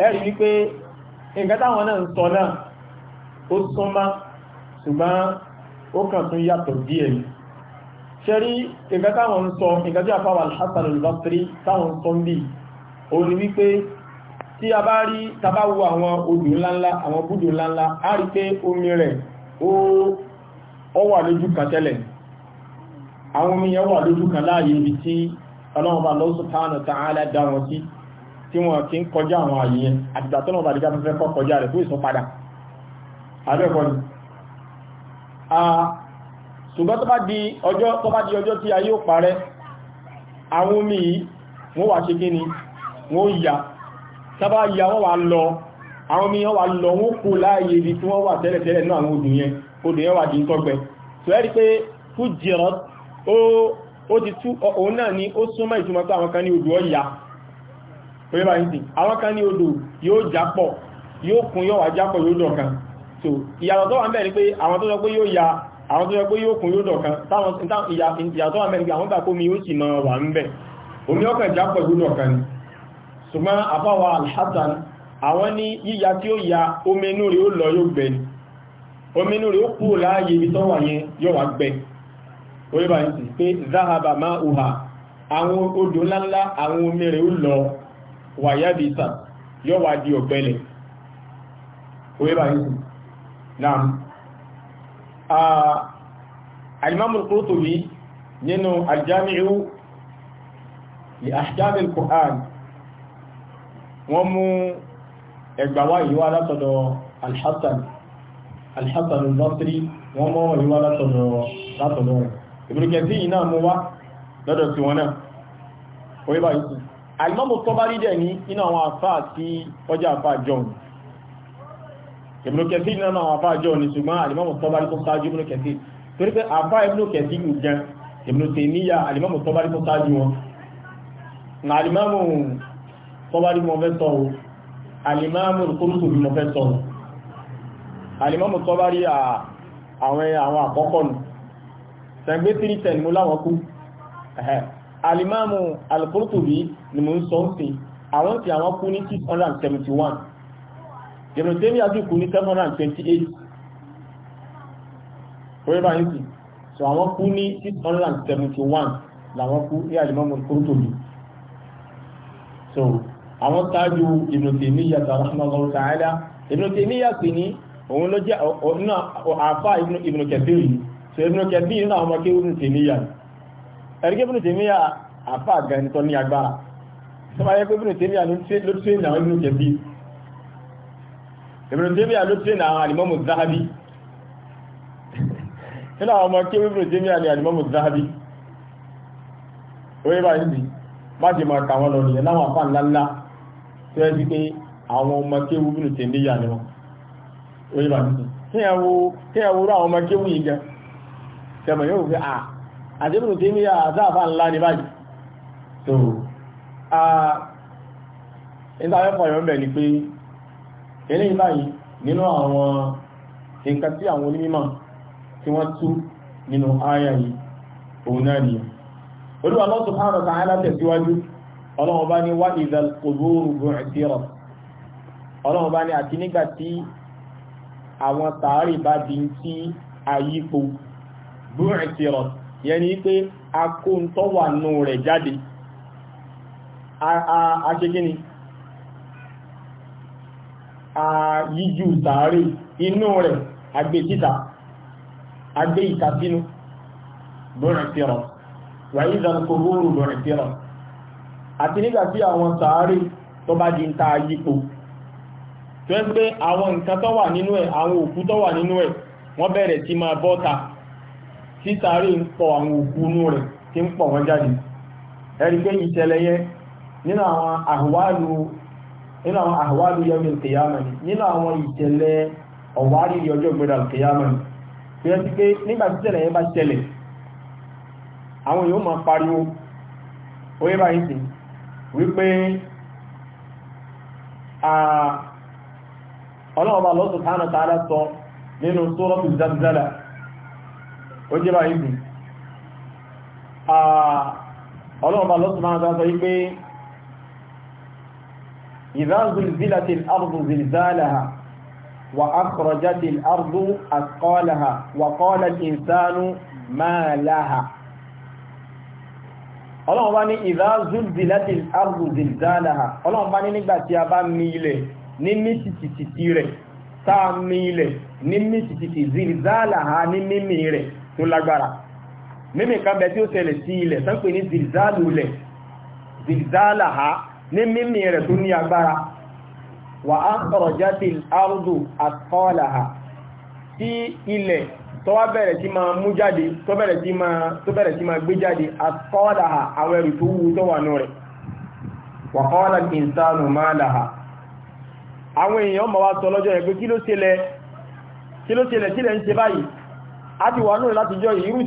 Speaker 1: ẹ̀rí wípé nǹkan táwọn náà ń sọ náà ó súnmá ṣùgbọ́n ó kàn tún yàtọ̀ díẹ̀ ni ṣẹ́rí nǹkan táwọn ń sọ nǹkan tí àfáwà Al-Hasan al táwọn ń sọ ń bì ó ní wípé tí a bá rí tàbá wo àwọn odò ńláńlá àwọn búdò ńláńlá a rí pé omi rẹ̀ ó wà lójú kan tẹ́lẹ̀ àwọn omi yẹn wà lójú kan láàyè ibi tí ọlọ́ọ̀bá Allah subhanahu wa ta'ala dá wọn sí tí wọ́n kí ń kọjá àwọn àyè yẹn àtìgbà tọ́lọ̀bà di ọjọ́ tó bá di ọjọ́ tí ayé ó parẹ́ àwọn omi yìí wọ́n tábà ya wọ́n wà lọ àwọn omi wọ́n wà lọ wọ́n kò láàyè ibi tí wọ́n wà tẹ́lẹ̀tẹ́lẹ̀ náà àwọn odò yẹn odò yẹn wà di tọ́gbẹ tó ẹ́rí pé fújìrán ó ti tú òun náà ni ó súnmọ́ ìtumọ̀ pé àwọn kan ní odò ọ̀yà àwọn kan ní odò yóò jápọ̀ yóò kún yóò wà jápọ̀ yóò dọ̀kan so ìyàtọ̀ tó wà ń bẹ ni pé àwọn tó sọ pé yóò ya àwọn tó sọ pé yóò kún yóò dọ̀kan táwọn ìyàtọ̀ wà ń bẹ ni pé àwọn gbà kó mi yóò sì mọ wà ń bẹ omi ọkàn jápọ̀ yóò dọ̀kan ni ṣùgbọ́n àbáwà alhassan àwọn ní yíya tí ó ya omenú rí ó lọ yóò gbẹ ni omenú rí ó kú láàyè ibi tó wà yẹn yóò wá gbẹ oríba ní ti pé záhàbà máa hùhà àwọn odò ńláńlá àwọn omi rẹ̀ ó lọ wàyábìsà yóò wá di ọ̀gbẹ́lẹ̀ oríba ní ti naam alimamu Qurtubi nínú aljami'u wọ́n mú ẹgbàwá ìwá látọ̀dọ̀ alhassan alhassan al-basri wọ́n mọ́ ìwá látọ̀dọ̀ látọ̀dọ̀ rẹ̀ ìbìrìkẹ̀sí iná mú wá lọ́dọ̀ sí wọn náà orí bá yìí alimamu tọ́bárí dẹ̀ ní iná àwọn afá sí ọjà afá john ìbìrìkẹ̀sí iná àwọn afá john ní ṣùgbọ́n alimamu tọ́bárí wọn na tọ́bá rí mọ́fẹ́ sọ́run alìmáàmù kúrùkù bí mọ́fẹ́ sọ́run alìmáàmù tọ́bá rí àwọn àkọ́kọ́ nù sẹ́gbé 310 mú láwọn kú alìmáàmù alìkúrùkù bí ni mò ń sọ ń fi àwọn tí àwọn kú ní 671 jẹ̀rọ̀dẹ́mí àti kú ní 728 orí bá ń sì so àwọn kú ní 671 làwọn so àwọn tájú Ibn Taymiyyah rahimahullahu ta'ala Ibn Taymiyyah sì ní òun ló jẹ́ àfà Ibn Kathir yìí so Ibn Kathir náà ọmọ kí Ibn Taymiyyah ẹ̀rígẹ́ Ibn Taymiyyah àfà àgbẹ̀ntọ́ ní agbára sọba yẹ pé Ibn Taymiyyah ló tún ní àwọn Ibn Kathir Ibn Taymiyyah ló tún ní àwọn Al-Imam az nínú àwọn ọmọ kí Ibn Taymiyyah ní Al-Imam Az-Zahabi orí báyìí má ti máa kà lọ nìyẹn láwọn àfà ńláńlá tó yẹ sí pé àwọn ọmọ kéwú bínú tèmi yà ni wọn oye bá mi sùn kéèyàn wo rú àwọn ọmọ kéwú yìí a tẹmọ yóò fi à àti bínú tèmi yà àtàfà ńlá ni báyìí so nígbà mẹ́fà yọ̀ mẹ́ ni pé eléyìí báyìí nínú àwọn nǹkan tí àwọn onímọ̀ tí wọ́n tú nínú àyà yìí òun náà nìyẹn olúwa Allah subhanahu wa ta'ala tẹ̀síwájú ọlọ́run bá ní wá idhal qubur bu'thirat ọlọ́run bá ní àti nígbà tí àwọn tààrí bá di ń tí àyípo bu'thirat a a ṣe kí ni a yíjú tààrí inú rẹ̀ agbé títà agbé ìtàsínú bu'thirat wa idhal qubur bu'thirat àti nígbàtí àwọn sàárè tó bá di ń ta yípo tó ẹ́ pé àwọn nǹkan tó wà nínú ẹ̀ àwọn òkú tó wà nínú ẹ̀ wọ́n bẹ̀rẹ̀ sí máa bọ́ta tí sàárè ń pọ̀ àwọn òkú inú rẹ̀ tí ń pọ̀ wọ́n jáde ẹ̀rí pé ìṣẹ̀lẹ̀ yẹn nínú àwọn àhùwálù ni nínú àwọn ọjọ́ gbẹ̀dà ni tó yẹ sí pé nígbà tí ìṣẹ̀lẹ̀ àwọn yóò máa pariwo oyè báyìí sìn wípé ọlọ́ọ̀bá Allah subhanahu wa ta'ala sọ nínú suratu Zalzala ó jẹ́ bá ìgbì ọlọ́ọ̀bá Allah subhanahu wa ta'ala wípé idha zulzilatil ardu zilzalaha wa akhrajatil ardu athqalaha wa qala al ọlọ́run bá ní ìdá zulzilati al-ardu zilzalaha ọlọ́run bá ní nígbà tí a bá mì ilẹ̀ ní mítìtìtì rẹ̀ tá a mì ilẹ̀ ní mítìtìtì zilzalaha ní mímì rẹ̀ tó lágbára mímì kan bẹ tí ó ṣẹlẹ̀ sí ilẹ̀ tán pè ní zilzalu ilẹ̀ tó wá bẹ̀rẹ̀ sí máa mú jáde tó bẹ̀rẹ̀ sí máa tó bẹ̀rẹ̀ sí máa gbé jáde àkọ́ọ́lá àwọn ẹrù tó wú tó wà nù rẹ̀ wàkọ́ọ́lá ìsánù máa láha àwọn èèyàn ma wá sọ lọ́jọ́ ẹ̀ pé kí ló ṣẹlẹ̀ kí ló ṣẹlẹ̀ sílẹ̀ ń ṣe báyìí a ti wà lórí láti jọ irú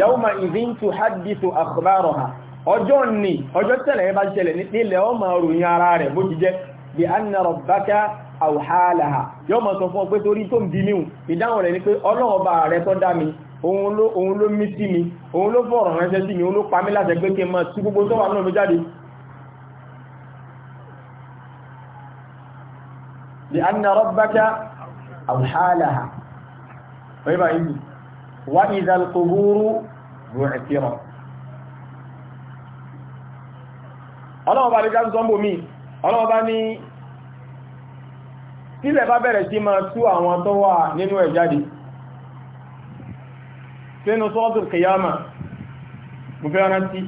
Speaker 1: yawma idhin tuhaddithu akhbaraha ọjọ́ ní ọjọ́ tẹ́lẹ̀ bá ṣẹlẹ̀ nílẹ̀ ọ máa ròyìn ara rẹ̀ bó ti jẹ́ bí anna rabbaka àwòhálàhà yọ́ máa sọ fún ọ pé torí tó ń bí níhùn ìdáhùn rẹ̀ ni pé ọlọ́ọ̀bà rẹ̀ tó dá mi òun ló mí sí mi òun ló fọ̀rọ̀ ránṣẹ́ sí mi òun ló pa mí láṣẹ pé kí n máa tú gbogbo tó wà náà mi jáde anna rabbaka àwòhálàhà wa idhal quburu bu'thirat ọlọ́wọ́ bá dídá sọ́mbò mí ọlọ́wọ́ bá ní sílẹ̀ bá bẹ̀rẹ̀ sí máa tú àwọn tó wà nínú ẹ̀ jáde sínú sọ́ọ̀tù kìyàmà mo fẹ́ rántí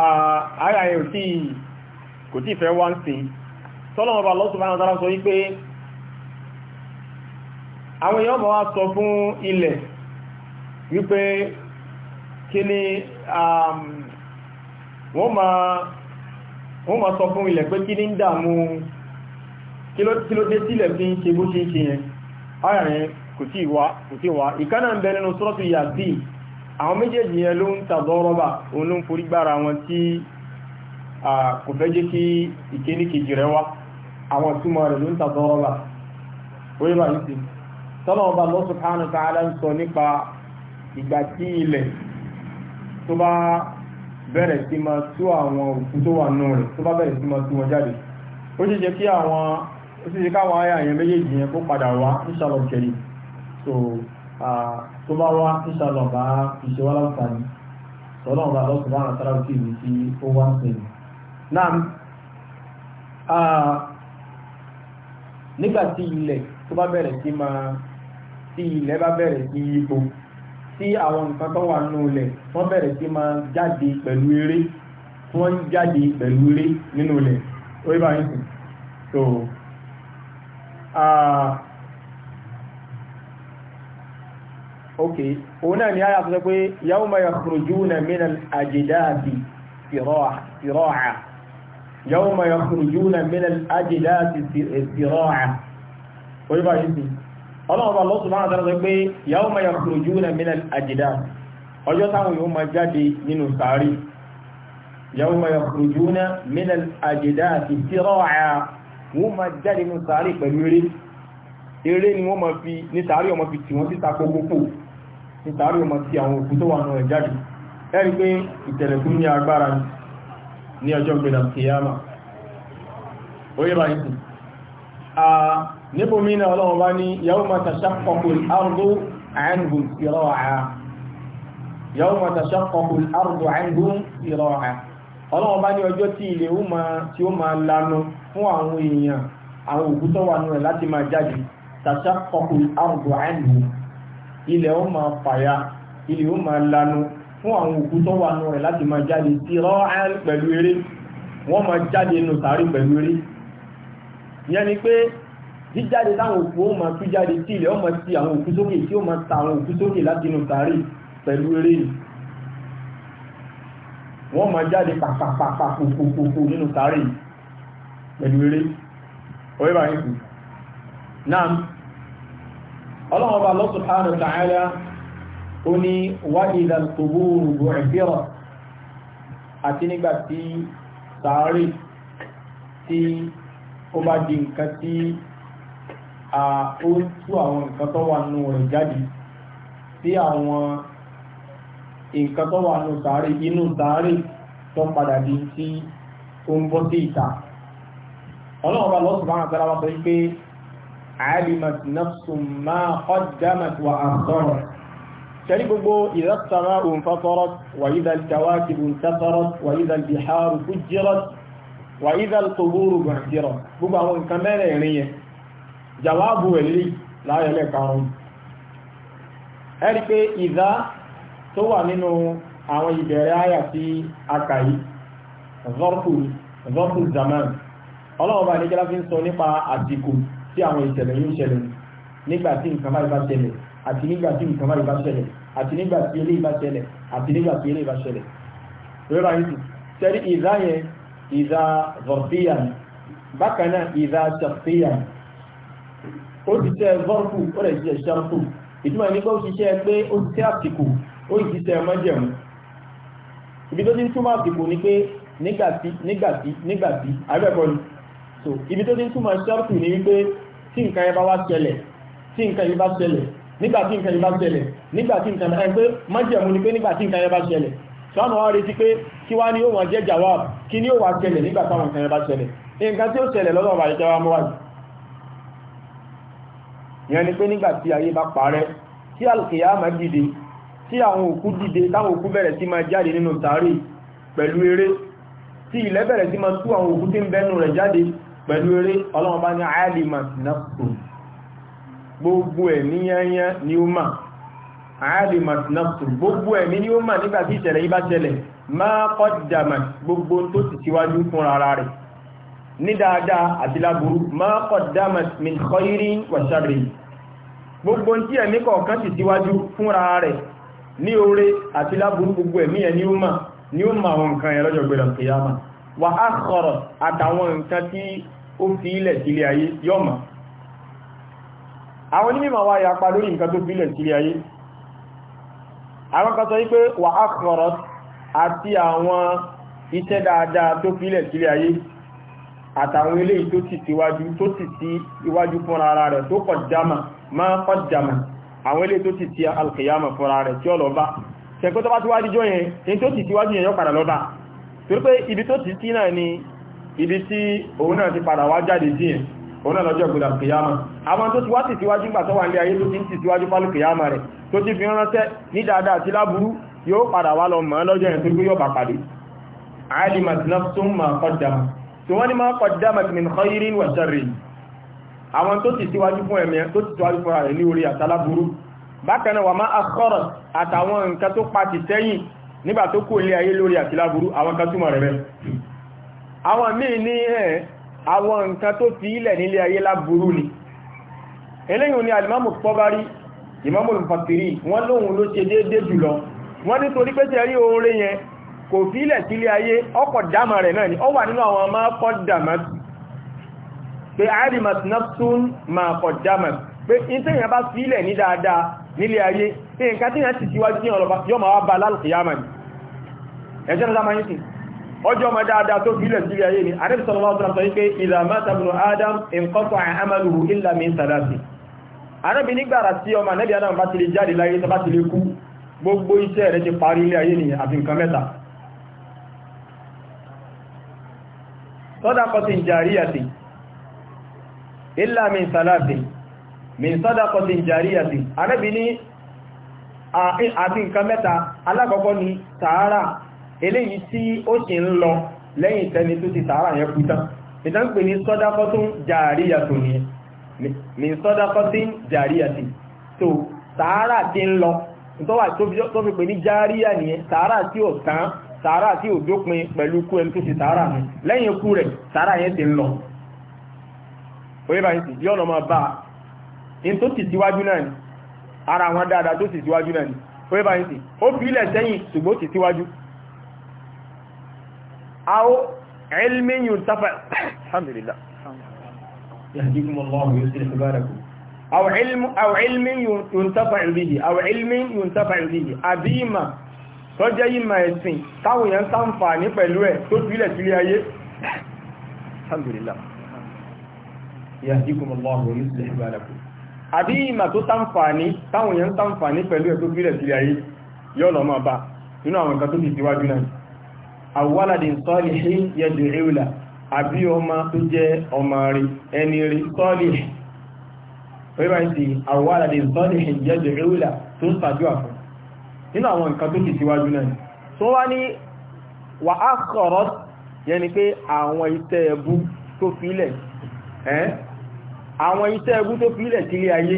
Speaker 1: ààrẹ kò tí ìfẹ́ wá ń sin tọ́lọ́wọ́ bá lọ́sùn bá náà sọ wípé àwọn èèyàn bá wá sọ fún ilẹ̀ wípé kí ni um, wọ́n ma sọ fún ilẹ̀ pé kí ní ń dàmú kí ló dé sílẹ̀ fi ń ṣe bó ṣe ń ṣe yẹn ayàrin kò tí wá kò tí wá ìkánà ń bẹ nínú sọ́tù yàtí àwọn méjèèjì yẹn ló ń tàbọ́rọ́bà òun wọn tí kò fẹ́ jẹ́ kí ìkéníkejì tọ́lọ̀ ọba Allah subhanahu wa ta'ala ń sọ nípa ìgbà tí ilẹ̀ tó bá bẹ̀rẹ̀ sí máa tú àwọn òkú tó wà nù rẹ̀ tó bá bẹ̀rẹ̀ sí máa tú wọn jáde ó ṣe jẹ́ kí àwọn ó ṣe jẹ́ káwọn ayé àyẹn méjèèjì yẹn kó padà wá inshallah kẹrì so tó bá wá inshallah bá iṣẹ́ wá láǹfààní tọ́lọ̀ ọba Allah subhanahu wa ta'ala kì í sí ó wá ń nígbà tí ilẹ̀ tó bá bẹ̀rẹ̀ sí máa tí ilẹ̀ bá bẹ̀rẹ̀ sí yípo tí àwọn nǹkan tó wà nínú ilẹ̀ wọ́n bẹ̀rẹ̀ sí máa jáde pẹ̀lú eré wọ́n ń jáde pẹ̀lú eré nínú ilẹ̀ ó yẹ báyìí sùn so uh, ok òun náà ni a yà sọ pé yawma yakhrujuna minal ajdadi sira'a yawma yakhrujuna minal ajdadi sira'a ó yẹ báyìí sùn ọlọ́ọ̀bà lọ́sùn máa dára pé yàwó ma yàrá kúrò júwìnà mìíràn àjìdá ọjọ́ táwọn yóò ma jáde nínú sàárì yàwó ma yàrá kúrò júwìnà mìíràn àjìdá àti tírọ̀à wọ́n ma jáde nínú sàárì pẹ̀lú eré eré ni wọ́n ma fi ní sàárì ọmọ fi tì wọ́n síta kókókó ní sàárì ọmọ níbo mi náà ọlọ́run bá ní yawma tashaqqaqu al-ardu anhum sira'a yawma tashaqqaqu al-ardu anhum sira'a ọlọ́run bá ní ọjọ́ tí ilẹ̀ tí ó máa lanu fún àwọn èèyàn àwọn òkú tó wà nù rẹ̀ láti máa jáde tashaqqaqu al-ardu anhum ilẹ̀ ó máa fàya ilẹ̀ ó máa lanu fún àwọn òkú wà nù rẹ̀ láti máa jáde sira'a pẹ̀lú eré wọ́n máa jáde nù sàárì pẹ̀lú eré yẹn pé jíjáde táwọn òkú ó máa tú jáde tí ilẹ̀ ó máa ti àwọn òkú sókè tí ó máa ta àwọn òkú sókè láti inú sàárè pẹ̀lú eré ni wọ́n máa jáde pàpàpàpà kòkòkò nínú sàárè pẹ̀lú eré ọ̀rẹ́ bá yín kù náà ọlọ́run ọba Allah subhanahu wa ó ní wá ìdá ẹ̀fẹ́rọ̀ àti nígbà tí sàárè tí ó bá di nǹkan tí ó tú àwọn nǹkan tó wà nù rẹ̀ jáde sí àwọn nǹkan tó wà nù sàárè inú sàárè tó padà di tí ó ń bọ́ sí ìta ọlọ́run bá lọ́sùn máa tẹ́lá wá sọ pé alimat nafsun ma qaddamat wa akhtharat ṣẹ́rí gbogbo idha as-sama'u infatarat wa idha al-kawakibu intatharat wa idha al-biharu fujjirat wa idha al gbogbo àwọn nǹkan mẹ́rẹ̀ẹ̀rin yẹn jàwábù ẹ̀lì láyẹ̀lẹ̀ karùn ẹ̀rí pé ìdá tó wà nínú àwọn ìbẹ̀rẹ̀ àyà tí a kà yìí zọ́pù zaman ọlọ́ọ̀bá ní jẹ́lá fi ń sọ nípa àsìkò tí àwọn ìṣẹ̀lẹ̀ yóò ṣẹlẹ̀ nígbà tí nǹkan báyìí bá ṣẹlẹ̀ àti nígbà tí nǹkan báyìí bá ṣẹlẹ̀ àti nígbà ó ti tẹ́ vọ́ọ̀fù ó rẹ̀ jẹ́ ṣàǹfù ìtumọ̀ ní kó ṣiṣẹ́ pé ó ti tẹ́ àsìkò ó ti tẹ́ májẹ̀mú ibi tó ti ń túmọ̀ àsìkò ni pé nígbàtí nígbàtí nígbàtí abẹ́kọ̀ ni so ibi tó ti ń túmọ̀ ṣàǹfù ni wípé tí nǹkan yẹn bá wá ṣẹlẹ̀ tí nǹkan yẹn bá ṣẹlẹ̀ nígbàtí nǹkan yẹn bá ṣẹlẹ̀ nígbàtí nǹkan yẹn pé májẹ̀mú ni pé nígbàtí nǹkan yẹn bá ṣẹlẹ̀ sọ́nà wá retí pé kí wá ní ó wọ́n jẹ́ jàwá kí ní ó wà ṣẹlẹ̀ nígbàtí àwọn nǹkan yẹn bá ṣẹlẹ̀ nǹkan tí ó ṣẹlẹ̀ lọ́dọ̀ wà mọ́wájú ìyẹn ni pé nígbà tí ayé bá parẹ́ tí alkiyama dìde tí àwọn òkú dìde táwọn òkú bẹ̀rẹ̀ sí máa jáde nínú tàárì pẹ̀lú eré tí ilẹ̀ bẹ̀rẹ̀ sí máa tú àwọn òkú tí ń bẹ́nu rẹ̀ jáde pẹ̀lú eré ọlọ́run bá ní àálìmà ni ó mà àálìmà nafsun gbogbo ẹ̀mí ni ó mà nígbà tí ní dáadáa àti láburú ma qaddamat min khairin wa sharri gbogbo tí ẹ̀mí kọ̀ọ̀kan ti síwájú fúnra rẹ̀ ní oore àti láburú gbogbo ẹ̀mí ẹ̀ ní ó mà ní ó mà àwọn nǹkan ẹ̀lọ́jọ́ gbẹ̀rẹ̀ kìyàmà wà á kọ̀rọ̀ àtàwọn nǹkan tí ó fi ilẹ̀ sílẹ̀ ayé yọ́mà àwọn onímọ̀ wá àtàwọn eléyìí tó sì síwájú tó sì sí iwájú fúnra ara rẹ̀ tó kọjáma máa kọjáma àwọn eléyìí tó sì sí alkiyama fúnra rẹ̀ tí ó lọ bá ṣẹ̀kọ́ tó bá ti wájú yẹn ní tó sì síwájú yẹn yọ padà lọ bá torí ibi tó sì sí náà ni ibi tí òun náà ti padà wá jáde sí yẹn òun náà lọ́jọ́ ìgbòdà kìyàmà àwọn tó ti wá sì síwájú gbà tó wà ní ayé tó ti ń sì síwájú pálù kìyàmà rẹ̀ tó ti fi tí wọ́n ni máa qaddamat min khairin wa sharrin àwọn tó ti síwájú fún ẹ̀mí tó ti síwájú fún ààrẹ ní orí àtàlábúrú bákanáà wà máa akọ́rọ̀ àtàwọn nǹkan tó pa ti sẹ́yìn nígbà tó kó ilé ayé lórí àtàlábúrú àwọn nǹkan túmọ̀ rẹ̀ bẹ́ẹ̀ àwọn míì ní ẹ̀ àwọn nǹkan tó fi ilẹ̀ nílé ayé láburú ni eléyìn ni kò fi ilẹ̀ sílé ayé ọkọ̀ dámà rẹ̀ náà ni ó wà nínú àwọn ọmọ ọkọ̀ dámà pé arimat nafsun ma kọ̀ dámà pé ìtẹ́yìn bá fi ilẹ̀ ní dáadáa nílé ayé pé nǹkan tí yàn ti síwájú ní ọ̀rọ̀ yọ ma wá ba lálùkìyàmà ni ẹjọ́ nígbà máa ń sìn ọjọ́ ma dáadáa tó fi ilẹ̀ sílé ayé ni àrẹ́bí sallallahu alaihi wasallam sọ wípé idha mata ibnu adam inqata amaluhu illa min thalathi àrẹ́bí nígbàrà tí ọmọ anẹ́bí adam bá ti lè jáde láyé tó bá gbogbo iṣẹ́ rẹ̀ ti parí ilé ayé ni àfi nǹkan mẹ́ta صدقة جارية إلا من ثلاث من صدقة جارية أنا بني àti nǹkan mẹ́ta alákọ̀ọ́kọ́ ni sàárà eléyìí tí ó ṣe ń lọ lẹ́yìn tẹni tó ti sàárà yẹn kú tán ìtàn ń pè ní sọ́dákọ́tún jàríyàtò ní sọ́dákọ́tún jàríyàtì tó sàárà tí ń lọ tó wà tó fi pè ní jàríyà tán sàárà tí ò dópin pẹ̀lú kú ẹni tó ṣe sàárà lẹ́yìn ikú rẹ̀ sàárà yẹn ti ń lọ oye bá ń sì bí ọ̀nà máa bá in tó ti síwájú náà ni ara àwọn dáadáa tó ti síwájú náà ni oye bá ń sì ó fi ilẹ̀ sẹ́yìn ṣùgbọ́n ti síwájú aó ilmin yurtafa alhamdulillah yahdikumullahu yuslihu balakum aw ilmin yurtafa bihi àbí ìmà tó jẹ́ ìmọ̀ ẹ̀sìn táwọn èèyàn ṣàǹfààní pẹ̀lú ẹ̀ tó túlẹ̀ sílẹ̀ ayé alhamdulillah yahdikumullahu wa yuslih balakum àbí ìmọ̀ tó ṣàǹfààní táwọn èèyàn ṣàǹfààní pẹ̀lú ẹ̀ tó túlẹ̀ sílẹ̀ ayé yóò lọ máa bá nínú àwọn nǹkan tó ti síwájú náà àwọ́ládìn sọ́lìhì yẹ̀dù ríúlà àbí ọmọ tó jẹ́ ọmọ rí ẹni rí sọ́lìhì pẹ́bàá ti àwọ́ládìn sọ́lìhì yẹ̀dù ríúlà tó sàjọ́ àfún nínú àwọn nǹkan tó kì síwájú náà tó wá ní wà á kọ̀rọ̀ yẹn ni pé àwọn iṣẹ́ ẹbú tó fílẹ̀ àwọn iṣẹ́ ẹbú tó fílẹ̀ sílé ayé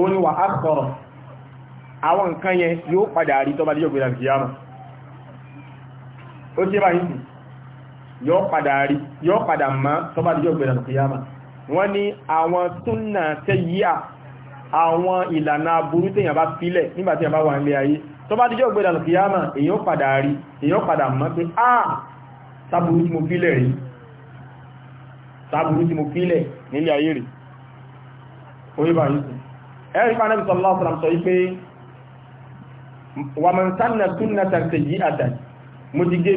Speaker 1: ó ní wà á kọ̀rọ̀ àwọn nǹkan yẹn yóò padà rí tọ́bá díjọ́ gbẹ̀rẹ̀ kìyàmà ó tí bá yìí yóò padà rí yóò padà má tọ́bá wọ́n ní àwọn súnnà tẹ́yíà àwọn ìlànà aburú tẹ́yàn bá fílẹ̀ nígbàtí bá wà nílé ayé tó bá díjọ́ gbẹ̀dà lọ́kìyàmà èyàn padà rí èyàn padà mọ̀ pé ah sábúrú tí mo fílẹ̀ rí sábúrú tí mo fílẹ̀ nílé ayé rí oríbà yìí ẹ̀rí pa Ànábì sallallahu alaihi wasallam sọ wípé wà mọ̀ sánà súnnà tàbí yí àtàn mo ti gé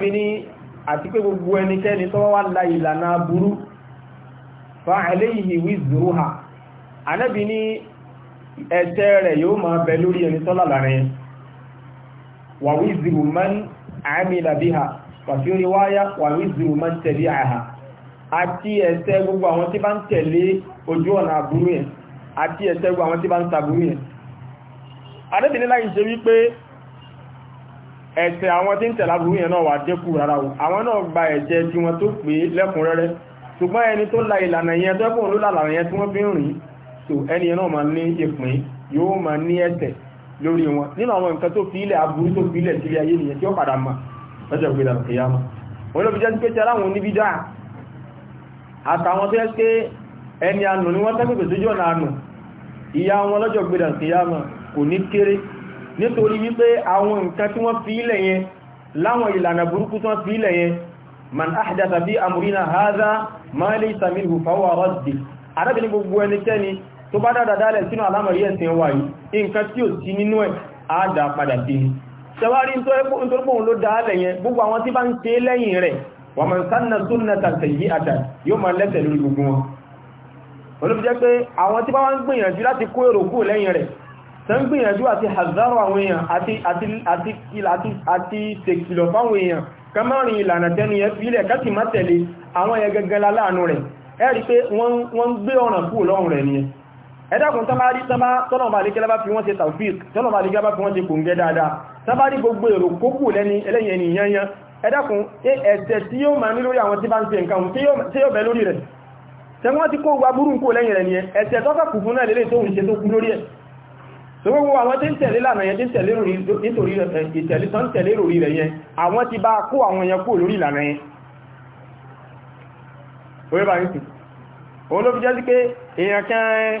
Speaker 1: bí ní àti pé gbogbo ẹnikẹ́ni tó wá la ìlànà burú fa alayhi wizruha Ànábì ní ẹ̀ṣẹ̀ rẹ̀ yóò máa bẹ lórí ẹni tọ́lá láàrin wàwízìrù man àmìlà biha wàfí orí wáyá wàwízìrù man tẹ̀lé àhà àti ẹ̀ṣẹ̀ gbogbo àwọn tí bá ń tẹ̀lé ojú ọ̀nà àbúrú yẹn àti ẹ̀ṣẹ̀ gbogbo àwọn tí bá ń sàbúrú yẹn Ànábì ní láì ṣe wípé ẹ̀ṣẹ̀ àwọn tí ń tẹ̀lé ṣùgbọ́n ẹni tó la ìlànà yẹn tó ẹ̀kùn ló làlànà yẹn tí wọ́n fi ń rìn so ẹni náà máa ní ìpín yóò máa ní ẹ̀tẹ̀ lórí wọn nínú àwọn nǹkan tó fi ilẹ̀ aburú tó fi ilẹ̀ sílé ayé nìyẹn tí ó padà mọ̀ lọ́jọ́ ìgbéra kìyà mọ́ wọn ló fi jẹ́ pé tẹ́lá àwọn oníbídà àtàwọn tó yẹ pé ẹni ànù ni wọ́n tẹ́gbẹ̀gbẹ̀ sójú ọ̀nà ànù ìyà wọn lọ́jọ́ ìgbéra kìyà mọ́ kò ní kéré nítorí wípé tó bá dáadáa dálẹ̀ sínú alámọ̀rí ẹ̀sìn wa yìí nǹkan tí ò sí nínú ẹ̀ àádá padà sí ni ṣẹwárí nítorípòun ló dáálẹ̀ yẹn gbogbo àwọn tí bá ń ṣe lẹ́yìn rẹ̀ wà mọ̀ sánà súnà tàṣẹ̀ yìí àtà yóò máa lẹ́sẹ̀ lórí gbogbo wọn olóbi jẹ́ pé àwọn tí bá wá ń gbìyànjú láti kó èrò kúrò lẹ́yìn rẹ̀ tẹ́ ń gbìyànjú àti hazaro àwọn èèyàn àti tèkìlọ̀ fáwọn èèyàn kan mọ́rin ìlànà tẹ́nu yẹn fílẹ̀ kẹ́sì má tẹ̀lé àwọn ẹ̀yẹ ẹ̀rí pé wọ́n ń gbé ọ̀ràn kúrò lọ́rùn rẹ̀ nìyẹn ẹ̀dàkùn tán bá rí tán bá tọ́nà bá lè kẹ́lẹ́bá fi wọ́n ṣe taufik tọ́nà bá lè kẹ́lẹ́bá fi wọ́n ṣe kùn gẹ́ dáadáa tán bá rí gbogbo èrò kókù lẹ́ni ẹlẹ́yìn ẹni yányá ẹ̀dàkùn ẹ̀ṣẹ̀ tí yóò máa ní lórí àwọn tí bá ń ṣe nǹkan tí yóò bẹ lórí rẹ̀ tẹ́gbọ́n ti kó gba burú kó lẹ́yìn rẹ̀ nìyẹn ẹ̀ṣẹ̀ tọ́ka kù fún náà lélẹ̀ tó ń ṣe tó kú lórí ẹ̀ tó gbogbo àwọn tí ń tẹ̀lé lànà yẹn tí ń tẹ̀lé nítorí ìtẹ̀lé tán tẹ̀lé lórí rẹ̀ yẹn àwọn ti bá kó àwọn yẹn kó lórí ìlànà yẹn orí bá ń sùn òun ló fi jẹ́ sí pé èèyàn kan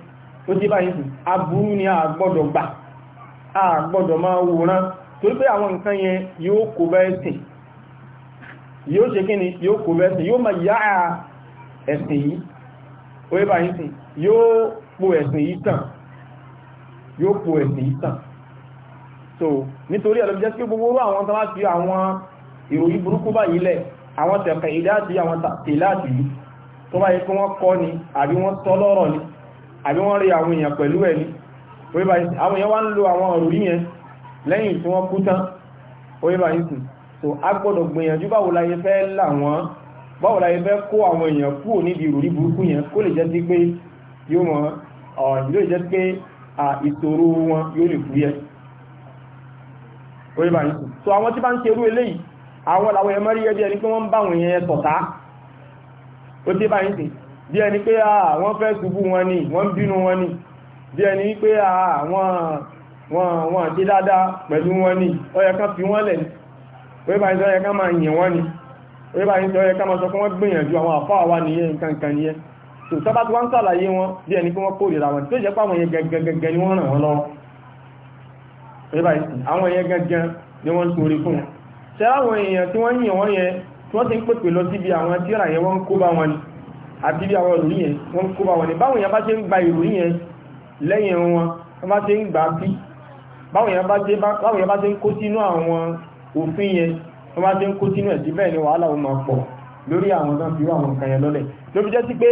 Speaker 1: ó ti báyìí sí aburú ni a gbọ́dọ̀ gbà a gbọ́dọ̀ máa wòrán torí pé àwọn nǹkan yẹn yóò kó bẹ́ẹ̀sìn yóò ṣe kí ni yóò kó bẹ́ẹ̀sìn yóò máa yá ẹ̀sìn yìí ó yẹ báyìí sí yóò po ẹ̀sìn yìí tàn yóò po ẹ̀sìn yìí tàn so nítorí ẹ̀lọ́bìjẹ́ sí gbogbo àwọn tó bá fi àwọn ìròyìn burúkú báyìí lẹ̀ àwọn tẹ̀kẹ̀ ìdáàdì àwọn tẹ̀láàdì tó bá yẹ kí wọ́n kọ́ ni àbí wọ́n tọ́ lọ́rọ̀ ni àbí wọ́n rí àwọn èèyàn pẹ̀lú ẹ̀ ní orípa ìsìn àwọn èèyàn wá ń lo àwọn ọ̀rọ̀ yìí yẹn lẹ́yìn tí wọ́n kú tán orípa ìsìn so a gbọ́dọ̀ gbìyànjú báwo la yẹ fẹ́ là wọ́n báwo la yẹ fẹ́ kó àwọn èèyàn kúrò níbi ìròrí burúkú sí bí ẹni pé àwọn ah, fẹ́ ṣubú wọn ni wọ́n bínú wọn ni bí ẹni pé àwọn ah, àti dáadáa pẹ̀lú wọn ni ó yẹ ká fi wọ́n lẹ̀ pé bá ń sọ ó yẹ ká máa yìn wọ́n ni pé bá ń sọ ó yẹ ká máa sọ fún wọ́n gbìyànjú àwọn àfáà wa nìyẹn ni wọ́n ràn wọ́n lọ́wọ́ pé bá àwọn yẹn gẹ́gẹ́ ni wọ́n ń torí fún wọn ṣé àwọn èèyàn tí wọ́n yìn wọ́n yẹn tí wọ́n ti ń pèpè lọ síbi àwọn tíra yẹn wọ́n kó bá wọn ni àti bí àwọn ìròyìn yẹn wọ́n kó bá wọn ní báwọn èèyàn bá ṣe ń gba ìròyìn yẹn lẹ́yìn wọn wọ́n bá ṣe ń gbà bí báwọn èèyàn bá ṣe ń kó sínú àwọn òfin yẹn wọ́n bá ṣe ń kó sínú ẹ̀sí bẹ́ẹ̀ ni wàhálà wọn máa pọ̀ lórí àwọn tán fi àwọn nǹkan yẹn lọ́lẹ̀ ló fi jẹ́ sí pé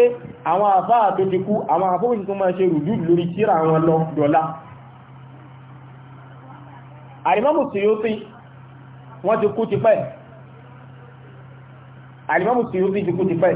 Speaker 1: àwọn àfáà tó ti kú àwọn àfóhùn tó máa ṣe rùdú lórí tíra wọn lọ dọ̀la àrímọ́mù Suyuti wọ́n ti kú ti pẹ́ àrímọ́mù Suyuti ti kú ti pẹ́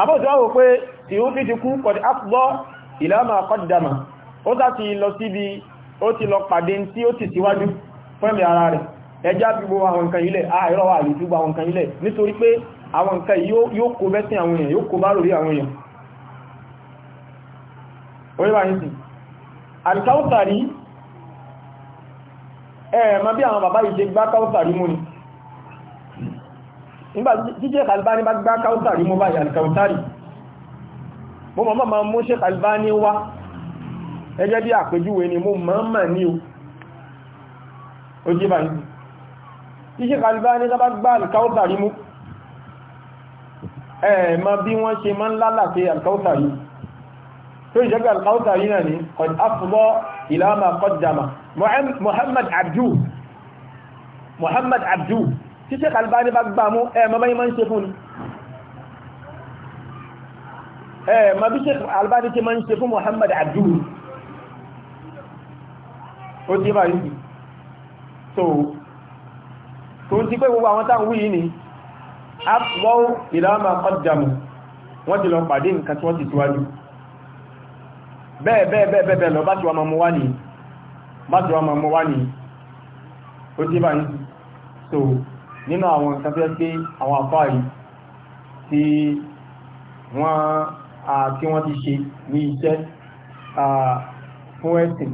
Speaker 1: bàbá òjò wò pé tí ó fi ti kú kọ̀dí afúgbọ́ ìlàmà kọ́dìdàmà ó sá ti lọ síbi ó ti lọ pàdé tí ó ti síwájú fẹ́mì ara rẹ̀ ẹjá gbogbo àwọn nǹkan ilẹ̀ àìrọwà àlùjúgbà àwọn nǹkan ilẹ̀ nítorí pé àwọn nǹkan yóò kó bẹ́sìn àwọn èèyàn yóò kó bá lórí àwọn nígbà jíjẹ́ Albani bá gbá káútàrí mú báyìí alkautari mú mọ́ mọ́ mú Sheikh Albani wá ẹjẹ́ bí àpèjúwe ni mú mọ́mà ní o jíba ní jíjẹ́ Albani bá gbá alkautari mú ẹ̀ẹ̀mọ́ bí wọ́n ṣe mọ́ lálàfẹ́ alkautari tó ìjẹ́gbẹ̀ alkautari náà ni qad afdha ila ma Muhammad Abdu Muhammad Abdu tí Sheikh Albani bá gbà mú ẹ̀ mọ́mọ́ yìí máa ń ṣe fún ni ẹ̀ mọ́ bí Sheikh Albani ti máa ń ṣe fún Muhammad Abdul ó ti bá yìí so tó ń ti pé gbogbo àwọn táwọn wíyí ni afọ́ ìlàmà kọjàmù wọ́n ti lọ pàdé nǹkan tí wọ́n ti tíwájú bẹ́ẹ̀ bẹ́ẹ̀ bẹ́ẹ̀ lọ bá ti wà mọ́ wá ní bá ti wà mọ́ wá ní ó ti bá yìí so nínú àwọn nǹkan tó pé àwọn àfáàrí tí wọ́n ti ṣe ní iṣẹ́ fún ẹ̀sìn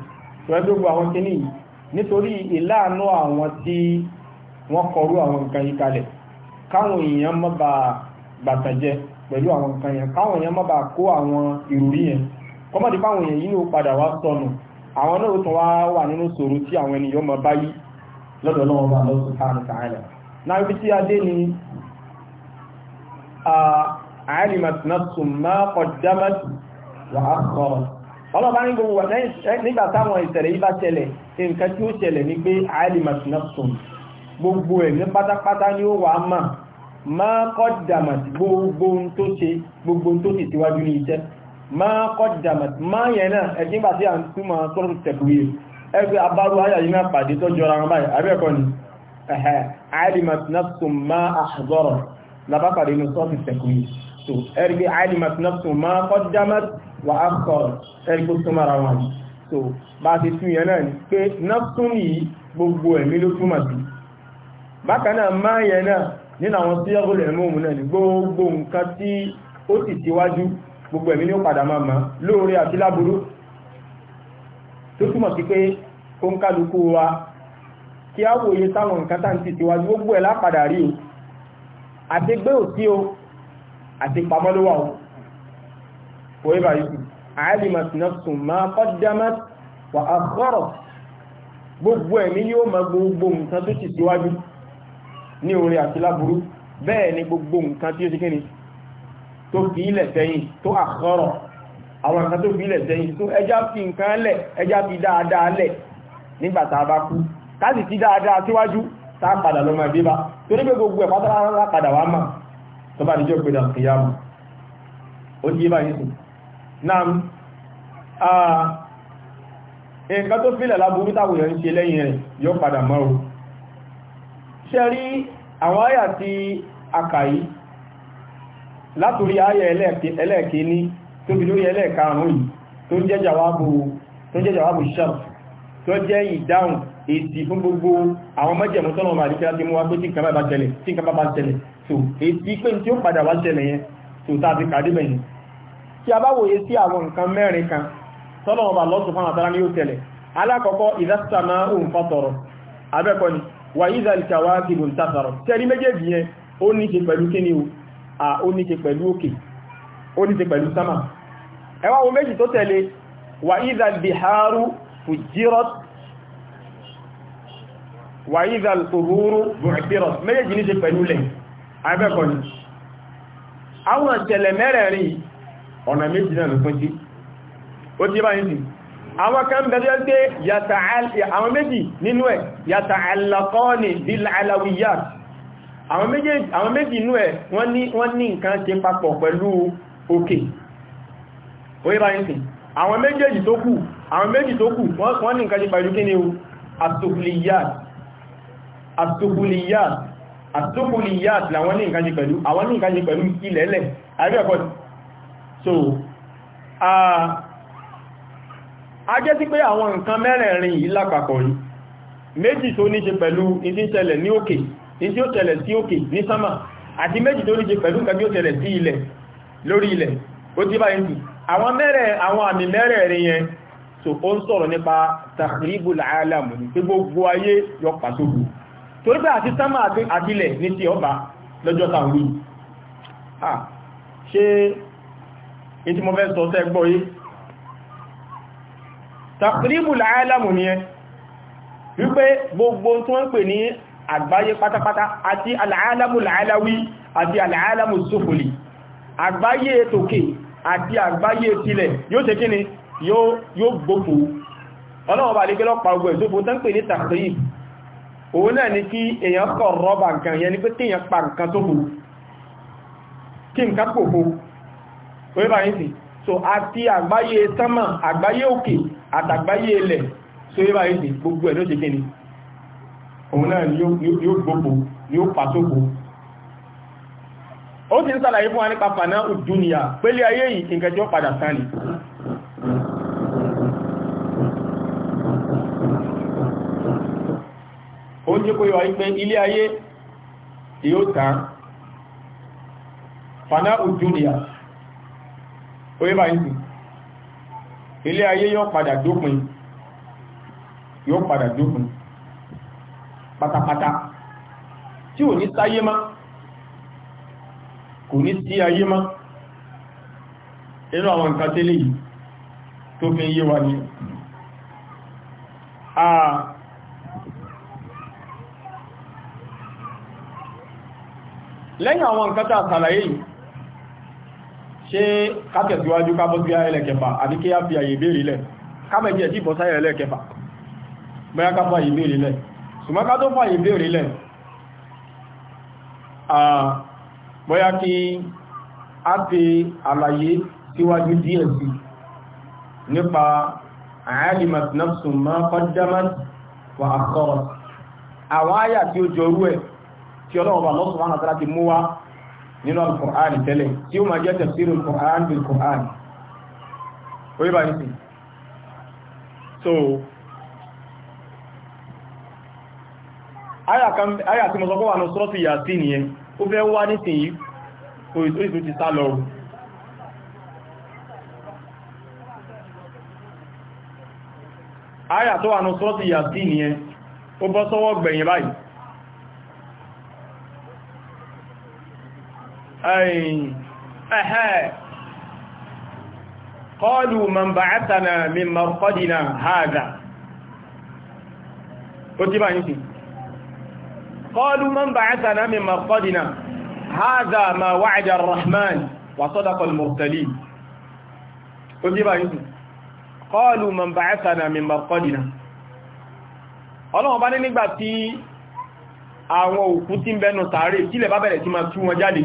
Speaker 1: tó ẹgbẹ́ gbogbo àwọn kìíní yìí nítorí ìláàánú àwọn tí wọ́n kọrú àwọn nǹkan yìí kalẹ̀ káwọn èèyàn má bà gbàtànjẹ pẹ̀lú àwọn nǹkan yẹn káwọn èèyàn má bà kó àwọn ìrùrí yẹn kọ́mọ̀dé fáwọn èèyàn yìí ló padà wá sọnù àwọn náà tó wá wà nínú ṣòro tí àwọn ènìyàn mọ̀ báyìí lọ́dọ̀ náà wà lọ́sùn táwọn ìtàn náà bí tí a dé ni àìrìmàtí náà tún máa qaddamat wà á kọ́rọ̀ ọlọ́bá ní gbogbo nígbà táwọn ìṣẹ̀lẹ̀ yìí bá ṣẹlẹ̀ nǹkan tí ó ṣẹlẹ̀ ní pé àìrìmàtí náà tún gbogbo ẹ̀ ní pátápátá ni ó wà á mà máa qaddamat gbogbo tó ṣe gbogbo tó ṣe síwájú ní iṣẹ́ máa qaddamat alimat nafsun ma ahdarat labápàdé inú sọ́ọ̀tì tẹ̀kùn so ẹ̀rí alimat nafsun ma qaddamat wa akhkharat ẹ̀rí kó súnmọ́ ara wọn so bá ti tún yẹn náà ni pé nafsun yìí gbogbo ẹ̀mí ló túmọ̀ sí bákan náà máa yẹn náà nínú àwọn tí ọgbọ̀n ẹ̀mú òun náà ni gbogbo nǹkan tí kí á wòye sáwọn nǹkan tá ń ti tíwájú ó gbú ẹ̀ lápadà rí o àti gbé ò sí o àti pamọ́ ló wà o kò é báyìí kù alimat nafsun ma qaddamat wa akhkharat gbogbo ẹ̀mí yóò mọ gbogbo nǹkan tó ti tíwájú ní orí àti láburú bẹ́ẹ̀ ni gbogbo nǹkan tí ó ti kíni tó fi ilẹ̀ sẹ́yìn tó akhkharat àwọn nǹkan tó fi ilẹ̀ sẹ́yìn tó ẹjá fi nǹkan lẹ̀ ẹjá fi dáadáa lẹ̀ nígbà tá a bá kú káàsì tí dáadáa síwájú tá padà lọ máa débá torí pé gbogbo ẹ̀ pátá rárá padà wá mà tó bá níjọ́ pé dàkì yá mu ó ti yé báyìí sùn náà nǹkan tó fílẹ̀ láburú táwọn èèyàn ń ṣe lẹ́yìn rẹ̀ yóò padà mọ́ o ṣe rí àwọn àyà tí a kà yìí látòrí àyà ẹlẹ́ẹ̀kíní tó tó jẹ́ ìdáhùn èsì fún gbogbo àwọn mẹ́jẹ̀mú tọ́nà ọmọ àdíkẹ́ láti mú wá pé tí nǹkan bá tẹ̀lẹ̀ tí nǹkan bá tẹ̀lẹ̀ so èsì pé tí ó padà wá tẹ̀lẹ̀ yẹn so tá a ti kàdé bẹ̀yìn tí a bá wòye sí àwọn nǹkan mẹ́rin kan tọ́nà ọmọ lọ́sùn fún àtàrà ní ó tẹ̀lẹ̀ alákọ̀ọ́kọ́ ìdásàmá òun fàtọ̀rọ̀ abẹ́kọ́ ni wà yí ìdálìkàwá wà ìdá òhúrú bùrẹ̀tírọ̀ méjèèjì ní ṣe pẹ̀lú lẹ̀ abẹ́kọ̀ni àwọn ìṣẹ̀lẹ̀ mẹ́rẹ̀ẹ̀rin ọ̀nà méjì náà ló pín sí ó ti bá yìí sí àwọn kan bẹ̀rẹ̀ pé àwọn méjì nínú ẹ̀ yàtà àlàkọ́ọ̀nì bílàlàwíyàt àwọn méjì nínú ẹ̀ wọ́n ní nǹkan ṣe papọ̀ pẹ̀lú òkè ó yẹ bá yìí sí àwọn méjèèjì tó kù àwọn méjì tó kù wọ́n ní nǹkan ṣe pẹ̀lú kí ni o àtòkìlìyàt àtòkùnlìyàt àtòkùnlìyàt làwọn ní nǹkan jẹ pẹ̀lú àwọn ní nǹkan jẹ pẹ̀lú ilẹ̀ẹ́lẹ̀ àríwẹ̀kọ́ so a jẹ́ sí pé àwọn nǹkan mẹ́rẹ̀ẹ̀rin yìí lápapọ̀ yìí méjì tó ní ṣe pẹ̀lú ìdíṣẹ̀lẹ̀ ní òkè tí ó tẹ̀lẹ̀ sí òkè ní sámà àti méjì tó ní ṣe pẹ̀lú tí ó tẹ̀lẹ̀ sí ilẹ̀ so ó ń sọ̀rọ̀ nípa takhribul alam ní pé gbogbo ayé torí pé àti sánmà àbílẹ̀ ní ti ọba lọ́jọ́ tàwí ṣe in ti mo fẹ́ sọ tẹ́ gbọ́ yìí taqribu al-alamu ni ẹ wípé gbogbo tó ń pè ní àgbáyé pátápátá àti al-alamu al-alawi àti al-alamu as-sufli àgbáyé tòkè àti àgbáyé tilẹ̀ yóò ṣe kí ni yóò gbogbo ọlọ́wọ́ bá lè gẹ́lọ́pàá ogun ẹ̀sùn fún tán pè ní taqrib òun náà ni kí èyàn kọ̀ rọ́bà nǹkan yẹn ni pé kíyàn pa nǹkan tó hù kí nǹkan pòpò orí bá yìí so àti àgbáyé sánmà àgbáyé òkè àtàgbáyé ilẹ̀ so orí bá yìí gbogbo ẹ̀ ló ṣe kíni òun náà yóò gbogbo yóò pàtókò ó ti ń sàlàyé fún wa nípa fàná òdúnìyà pélé ayé yìí nǹkan tí ó padà sáà òun jẹ́ kó yọ wípé ilé ayé yóò tán fana ojúnìyà ó yẹ́ báyìí sí ilé ayé yóò padà dópin yóò padà dópin pátápátá tí ò ní sáyé má kò ní sí ayé má inú àwọn nǹkan tẹ́lẹ̀ yìí tó fi yé wa ní àà lẹ́yìn àwọn nǹkan tàà sàlàyé yìí ṣe kátẹ̀síwájú kábọ́ sí ayẹlẹ̀ kẹfà àbí kí a fi àyè ìbéèrè lẹ̀ kábẹ̀jì ẹ̀ tí bọ́ sáyẹ̀ lẹ̀ kẹfà bóyá ká fà ìbéèrè lẹ̀ ṣùgbọ́n ká tó fà ìbéèrè lẹ̀ bóyá kí a fi àlàyé síwájú díẹ̀ nípa alimat wa akhkharat àwọn àyà tí ó jọrú ẹ̀ tí ọlọ́run bá lọ́sùn wọn àtàrà ti mú wá nínú al-Qur'an tẹ́lẹ̀ tí ó máa jẹ́ tafsir al-Qur'an bil Qur'an orí bá nìsín so aya tí mo sọ fún wa ní sọ́ọ̀tì yàtí nìyẹn ó fẹ́ wá nìsín yìí orísun ti sá lọ aya tó wà ní sọ́ọ̀tì yàtí nìyẹn ó bọ́ sọ́wọ́ gbẹ̀yìn báyìí qalu man ba'athana min marqadina hadha ó tí bá yìí qalu man ba'athana min marqadina hadha ma wa'ada ar-rahman wa sadaqa al-mursalin ó tí bá yìí qalu man ba'athana min marqadina ọlọ́wọ́ bá ní nígbà tí àwọn òkú tí ń bẹnu sàárè sílẹ̀ bá bẹ̀rẹ̀ sí máa tú wọn jáde